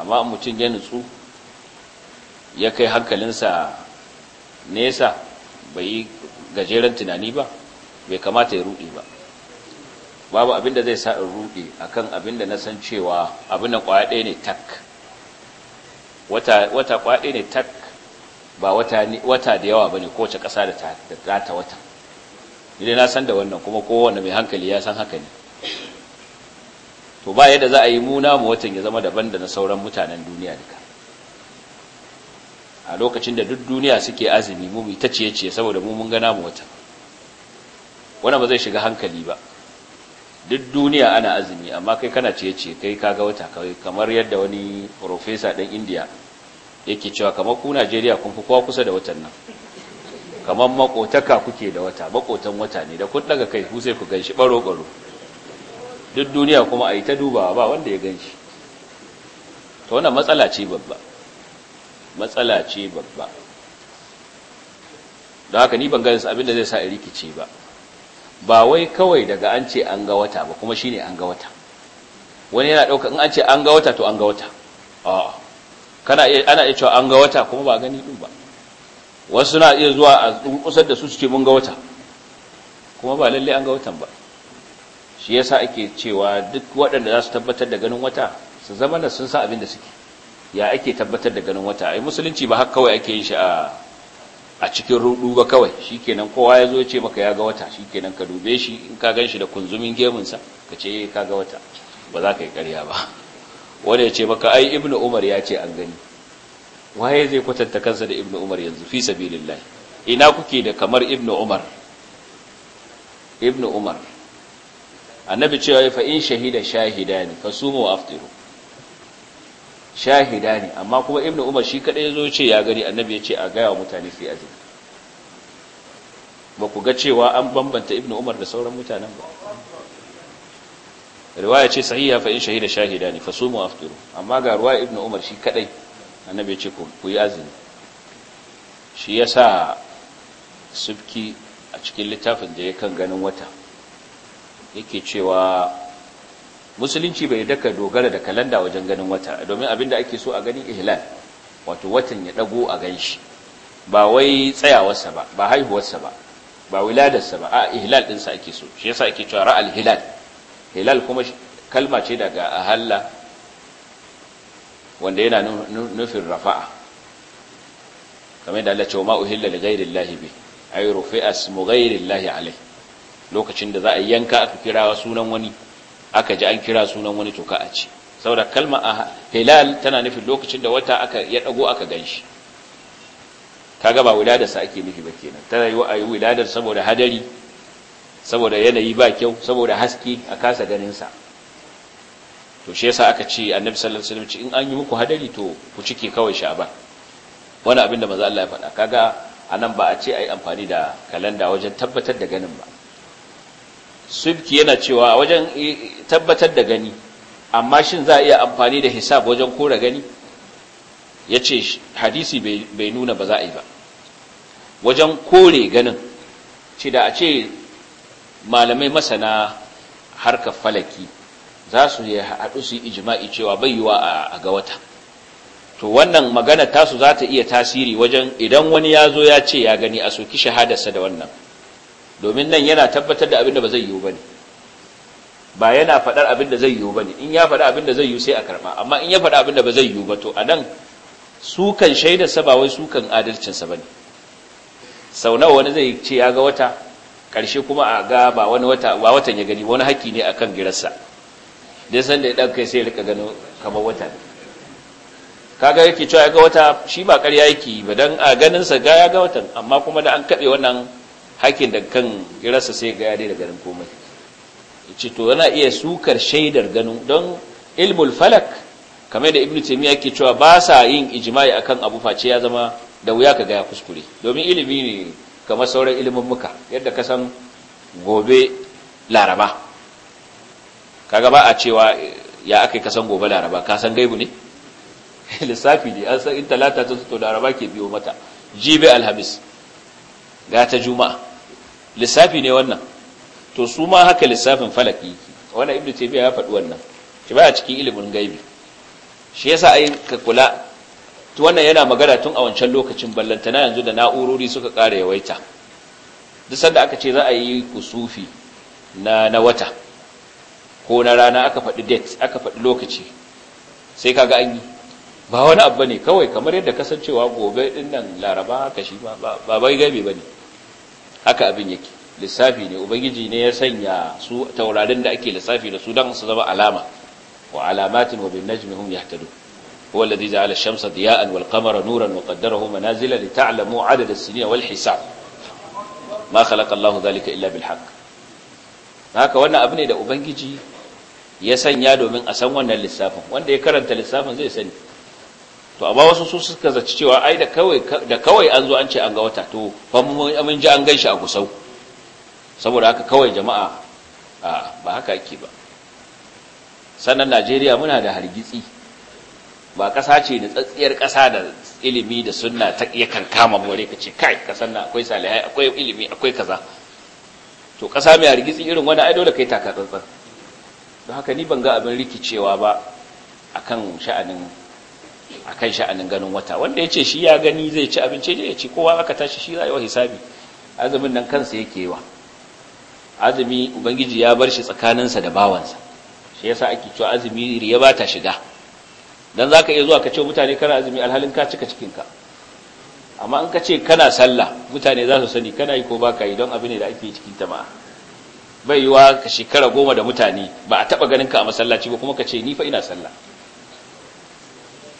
amma mutum ya nutsu ya kai hankalinsa nesa bai yi gajeren tunani ba bai kamata ya ruɗe ba babu abin da zai sa in ruɗe akan abin da na san cewa abin da kwaya ne tak wata wata ne tak ba wata wata da yawa bane kowace ƙasa da ta ta wata idan na san da wannan kuma kowanne mai hankali ya san haka ne to ba yadda za a yi muna mu watan ya zama daban da na sauran mutanen duniya duka a lokacin da duk duniya suke azumi mu mu ta ciye-ciye saboda mu mun ga namu wata wanda ba zai shiga hankali ba duk duniya ana azumi amma kai kana ciye-ciye kai kaga wata kawai kamar yadda wani professor ɗin indiya yake cewa kamar ku najeriya kun fi kowa kusa da watan nan kamar makotaka kuke da wata makotan wata ne da kun daga kai ku sai ku ganshi baro-baro duk duniya kuma a yi ta dubawa ba wanda ya ganshi to wannan matsala ce babba matsala ce babba don haka ni ban ganin abin da zai sa rikice ba ba wai kawai daga an ce an ga wata ba kuma shine an ga wata wani yana ɗauka in an ce an ga wata to an ga wata a'a kana iya ana iya cewa an ga wata kuma ba gani din ba wasu na iya zuwa a kusa da su suke mun ga wata kuma ba lalle an ga watan ba shi yasa ake cewa duk waɗanda za su tabbatar da ganin wata su zama da sun sa abin da suke ya ake tabbatar da ganin wata ai musulunci ba haka kawai ake yin shi a a cikin rudu ba kawai shikenan kowa ya ce maka ya ga wata shikenan ka dube shi in ka ganshi da kunzumin gemunsa ka ce eh, ka ga wata ba za ka yi ƙarya ba wanda ya ce maka ai ibnu umar ya ce an gani waye zai kwatanta kansa da ibnu umar yanzu fi sabilillah ina kuke da kamar ibnu umar ibnu umar annabi cewa fa in shahida shahidani fasumu wa aftiru shahida ne amma kuma ibnu umar shi kadai ya zo ce ya gani annabi ya ce a gaya wa mutane sai azumi. ba ku ga cewa an bambanta ibnu umar da sauran mutanen ba riwaya ce sahiha fa in shahida shahida ne fa sumu aftiru amma ga riwaya ibnu umar shi kadai annabi ya ce ku yi azumi shi yasa subki a cikin littafin da ya kan ganin wata yake cewa musulunci bai daka dogara da kalanda wajen ganin wata domin da ake so a gani ihlal wato watan ya dago a ganshi ba wai tsayawarsa ba ba haihuwarsa ba ba wiladarsa ba a ihlal din sa ake so shi yasa ake cewa ra'al hilal hilal kuma kalma ce daga ahalla wanda yana nufin rafa'a kamar da Allah ce ma uhilla li ghairi llahi bi ay rufi'a ismu llahi alai lokacin da za a yanka aka kira sunan wani aka ji an kira sunan wani toka a ce saboda kalma a hilal tana nufin lokacin da wata aka ya dago aka ganshi kaga ba sa ake nufi ba kenan tana yi wa wuladar saboda hadari saboda yanayi ba kyau saboda haske a kasa ganin sa to shi yasa aka ce annabi sallallahu alaihi wasallam in an yi muku hadari to ku cike kawai sha'ban wani abin da manzo Allah ya faɗa kaga anan ba a ce ai amfani da kalanda wajen tabbatar da ganin ba subki yana cewa wajen tabbatar da gani amma shin za a iya amfani da hisab wajen kora gani ya ce hadisi bai nuna ba za a yi ba wajen kore ganin ce da a ce malamai masana harkar falaki za su yi haɗu su yi ijima'i cewa bai yiwa a ga wata to wannan magana tasu za ta iya tasiri wajen idan wani ya zo ya ce ya gani a soki shahadarsa da wannan domin nan yana tabbatar da abin da ba zai yiwu ba ne ba yana faɗar abin da zai yiwu ba ne in ya faɗa abin da zai yiwu sai a karɓa amma in ya faɗa abin da ba zai yiwu ba to a nan sukan shaidarsa ba wai sukan adalcinsa ba ne sau nawa wani zai ce ya ga wata ƙarshe kuma a ga ba wani wata ba watan ya gani wani haƙƙi ne akan girarsa dai san da ya ɗan kai sai ya rika gano kamar wata kaga yake cewa ya ga wata shi ba ƙarya yake ba dan a ganinsa ga ya ga watan amma kuma da an kaɓe wannan hakin da kan rasa sai ga yare da garin komai ce to yana iya sukar shaidar ganin don ilmul falak kamar da ibnu taymiya ke cewa ba sa yin ijma'i akan abu face ya zama da wuya ka ga kuskure domin ilimi ne kamar sauran ilimin muka yadda ka san gobe laraba kaga ba a cewa ya aka yi kasan gobe laraba ka san gaibu ne lissafi ne an san in talata ta to laraba ke biyo mata jibi alhamis ga ta juma'a lissafi ne wannan to su ma haka lissafin falaki wannan ibnu taymiya ya faɗi wannan shi ba a cikin ilimin gaibi shi yasa ai ka kula to wannan yana magana tun a wancan lokacin ballantana yanzu da na'urori suka ƙara yawaita duk sanda aka ce za a yi kusufi na na wata ko na rana aka faɗi date aka faɗi lokaci sai kaga an yi ba wani abu bane kawai kamar yadda kasancewa gobe din nan laraba haka shi ba ba bai bane haka abin yake lissafi ne ubangiji ne ya sanya su taurarin da ake lissafi da su don su zama alama wa alamatin wa bin najmi hum yahtadu huwa alladhi ja'ala ash-shamsa diya'an wal qamara nuran wa qaddarahu manazila li ta'lamu 'adada as wal hisab ma khalaqa Allahu dhalika illa bil haqq haka wannan abu ne da ubangiji ya sanya domin a san wannan lissafin wanda ya karanta lissafin zai sani to amma wasu su suka zaci cewa ai da kawai da kawai an zo an ce an ga wata to fa mun ji an ganshi a gusau saboda haka kawai jama'a a ba haka yake ba sannan Najeriya muna da hargitsi ba ƙasa ce da tsatsiyar ƙasa da ilimi da sunna ta iya kankama more ka ce kai kasan nan akwai salihai akwai ilimi akwai kaza to ƙasa mai hargitsi irin wani ai dole kai taka tsantsan don haka ni ban ga abin rikicewa ba akan sha'anin a kan sha'anin ganin wata wanda ya ce shi ya gani zai ci abinci da ya ci kowa aka tashi shi za a yi wa hisabi azumin nan kansa yake wa azumi ubangiji ya bar shi tsakaninsa da bawansa shi yasa ake cewa azumi ya ba ta shiga dan za ka iya zuwa ka ce mutane kana azumi alhalin ka cika cikinka amma in ka ce kana sallah mutane za su sani kana yi ko ba ka yi don abin ne da ake cikin ma. bai yi wa shekara goma da mutane ba a taɓa ganin ka a masallaci ba kuma ka ce ni fa ina sallah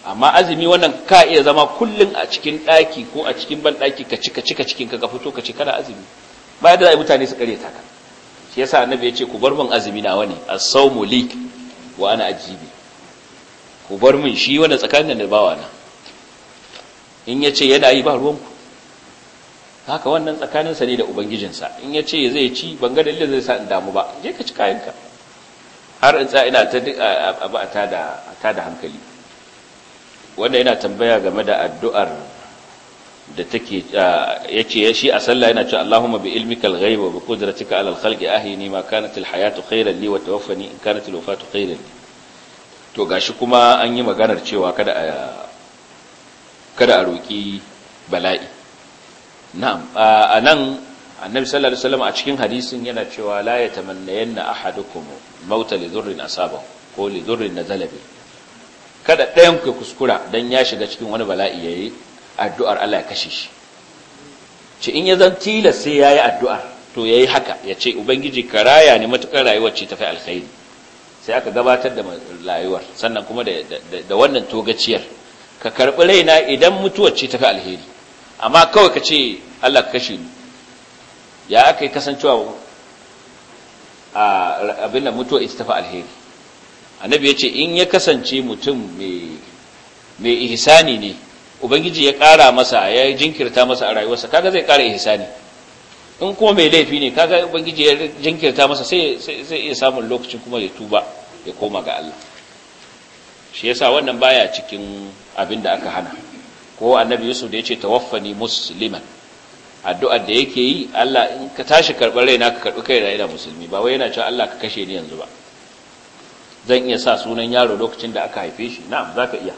amma azumi wannan ka iya zama kullun a cikin daki ko a cikin ban daki ka cika cika cikin ka fito ka ci kana azumi ba da yi mutane su kare taka shi yasa annabi ya ce ku bar min azumi na wani as-sawmu li wa ana ajibi ku bar min shi wannan tsakanin da bawa na in ya ce yana yi ba ruwanku haka wannan tsakanin sa ne da ubangijinsa in ya ce zai ci banga dalilin zai sa in damu ba je ka ci kayanka har in tsaya ina ta da hankali wanda yana tambaya game da addu'ar da take yace shi a sallah yana cewa Allahumma bi ilmikal ghaib wa bi qudratika ala al-khalqi ahini ma kanat al-hayatu khayran li wa tawaffani in kanat al-wafatu khayran li to gashi kuma an yi maganar cewa kada a kada a roki bala'i na'am anan annabi sallallahu alaihi wasallam a cikin hadisin yana cewa la yanna ahadukum mauta li dhurrin asaba ko li dhurrin nazala bihi kada ɗayan ku kuskura don ya shiga cikin wani bala'i ya yi addu'ar Allah ya kashe shi ce in ya zan tilas sai yi addu'ar to ya yi haka ya ce ubangiji ka raya ne matuƙar rayuwar ce tafi alkhairi sai aka gabatar da rayuwar sannan kuma da wannan togaciyar ka karɓi raina idan mutuwar ce tafi alheri amma kawai ka ce Allah ka kashe ya aka yi kasancewa abin da mutuwa ita tafi alheri annabi ya ce in ya kasance mutum mai ihisani ne ubangiji ya kara masa ya jinkirta masa a rayuwarsa kaga zai kara ihisani in kuma mai laifi ne kaga ubangiji ya jinkirta masa sai zai iya samun lokacin kuma ya tuba ya koma ga Allah shi yasa wannan baya cikin abin da aka hana ko annabi yusuf da ya ce tawaffani musliman addu'ar da yake yi Allah in ka tashi karbar raina ka karbi kai raina musulmi ba wai yana cewa Allah ka kashe ni yanzu ba zan iya sa sunan yaro lokacin da aka haife shi na'am zaka iya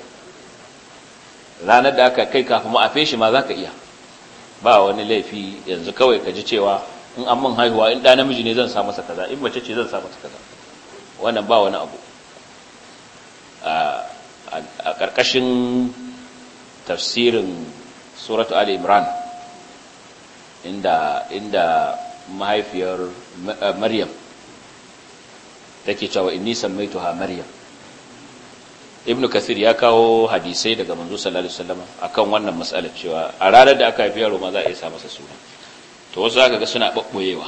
ranar da aka kai kafin ma'afe shi ma zaka iya ba wani laifi yanzu kawai ka ji cewa in an mun haihuwa in ɗa namiji ne zan sa masa kaza in mace ce zan sa masa kaza wannan ba wani abu a ƙarƙashin tafsirin suratu ali imran inda mahaifiyar eh, maryam take cewa inni sammaituha maryam ibnu kasir ya kawo hadisai daga manzo sallallahu alaihi wasallam akan wannan mas'alar cewa a ranar da aka haifi yaro ma za a isa masa suna to wasu aka ga suna babboyewa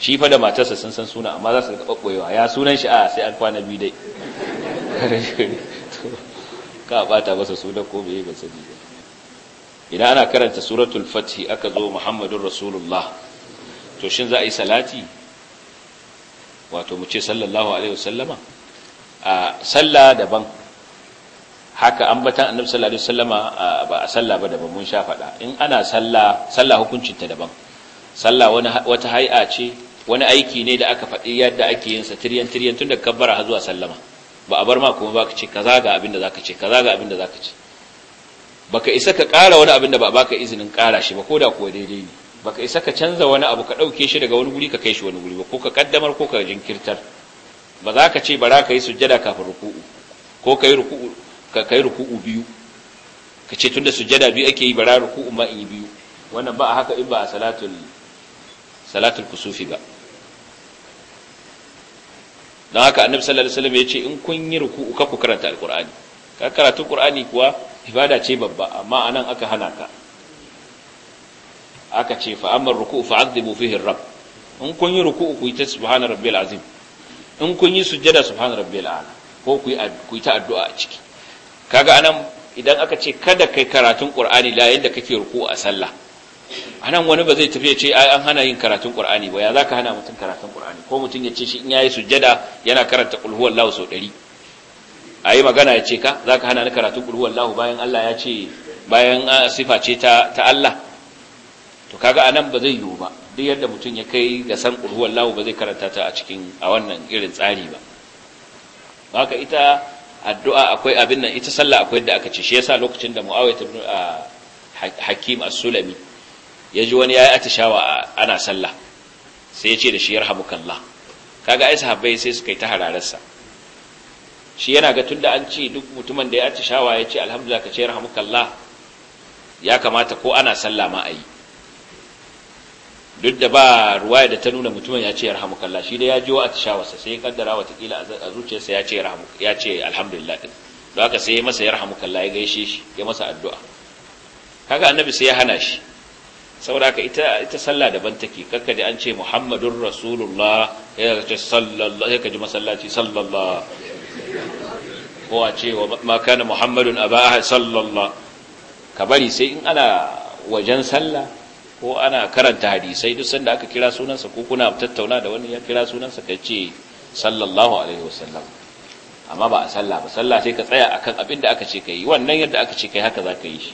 shi fa da matarsa sun san suna amma za su ga babboyewa ya sunan shi a sai an kwana biyu dai ka bata masa suna ko bai ba sani idan ana karanta suratul fathi aka zo muhammadur rasulullah to shin za a yi salati wato mu ce sallallahu alaihi wasallama a sallah daban haka ambatan annabi sallallahu alaihi wasallama ba a sallah ba daban mun sha faɗa in ana sallah sallah ta daban sallah wani wata hay'a ce wani aiki ne da aka faɗi yadda ake yin sa tiryan tiryan tun da kabbara har zuwa sallama ba a bar ma kuma baka ce kaza ga abin da zaka ce kaza ga abin da zaka ce baka isa ka ƙara wani abin da ba baka izinin ƙara shi ba koda kuwa daidai ne baka isa ka canza wani abu ka ɗauke shi daga wani guri ka kai shi wani guri ba ko ka kaddamar ko ka jinkirtar ba za ka ce bara ka yi sujjada kafin ruku'u ko ka yi ruku'u ka kai ruku'u biyu ka ce tunda sujjada biyu ake yi bara ruku'u ma in yi biyu wannan ba a haka in ba a salatul salatul kusufi ba don haka annabi sallallahu alaihi wasallam ya ce in kun yi ruku'u ka ku karanta alqur'ani ka karatu alqur'ani kuwa ibada ce babba amma anan aka hana ka aka ce fa amma ruku'u azibu fihi rabb in kun yi ruku'u ku yi ta subhana rabbil azim in kun yi sujjada subhana rabbil ala ko ku yi ku yi ta addu'a a ciki kaga anan idan aka ce kada kai karatun qur'ani la yanda kake ruku'u a sallah anan wani ba zai tafi ya ce ai an hana yin karatun qur'ani ba ya zaka hana mutum karatun qur'ani ko mutum ya ce shi in yayi sujjada yana karanta qul huwallahu sau dari a yi magana ya ce ka za ka hana ni karatun huwallahu bayan Allah ya ce bayan sifa ce ta Allah to kaga anan ba zai yiwu ba duk yadda mutum ya kai ga san qul lahu ba zai karanta ta a cikin a wannan irin tsari ba haka ita addu'a akwai abin nan ita sallah akwai da aka ce shi yasa lokacin da muawiyah ibn hakim as-sulami ya ji wani yayi atishawa ana sallah sai ya ce da shi yarhamukallah kaga ai sahabbai sai suka yi ta harararsa. shi yana ga tunda an ce duk mutumin da ya atishawa ya ce alhamdulillah ka ce yarhamukallah ya kamata ko ana sallah ma yi. duk da ba ruwaya da ta nuna mutumin ya ce ya kalla shi da ya ji a wasa, sai ya kaddara watakila a zuciyarsa ya ce ya ce alhamdulillah ɗin da haka sai ya masa kalla ya gaishe shi ya masa addu'a haka annabi sai ya hana shi saboda haka ita ita sallah daban take kakka da an ce muhammadur rasulullah ya ce sallallahu ya kaji masallaci sallallahu ko a ce wa ma kana muhammadun aba sallallahu ka bari sai in ana wajen sallah ko ana karanta hadisai duk sanda aka kira sunansa ko kuna tattauna da wani ya kira sunansa ka ce sallallahu alaihi wasallam amma ba a sallah ba sallah sai ka tsaya akan abin da aka ce ka wannan yadda aka ce ka yi haka za ka yi shi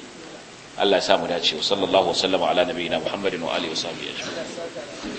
Allah ya sa mu dace sallallahu wasallam ala nabiyina muhammadin wa alihi wasallam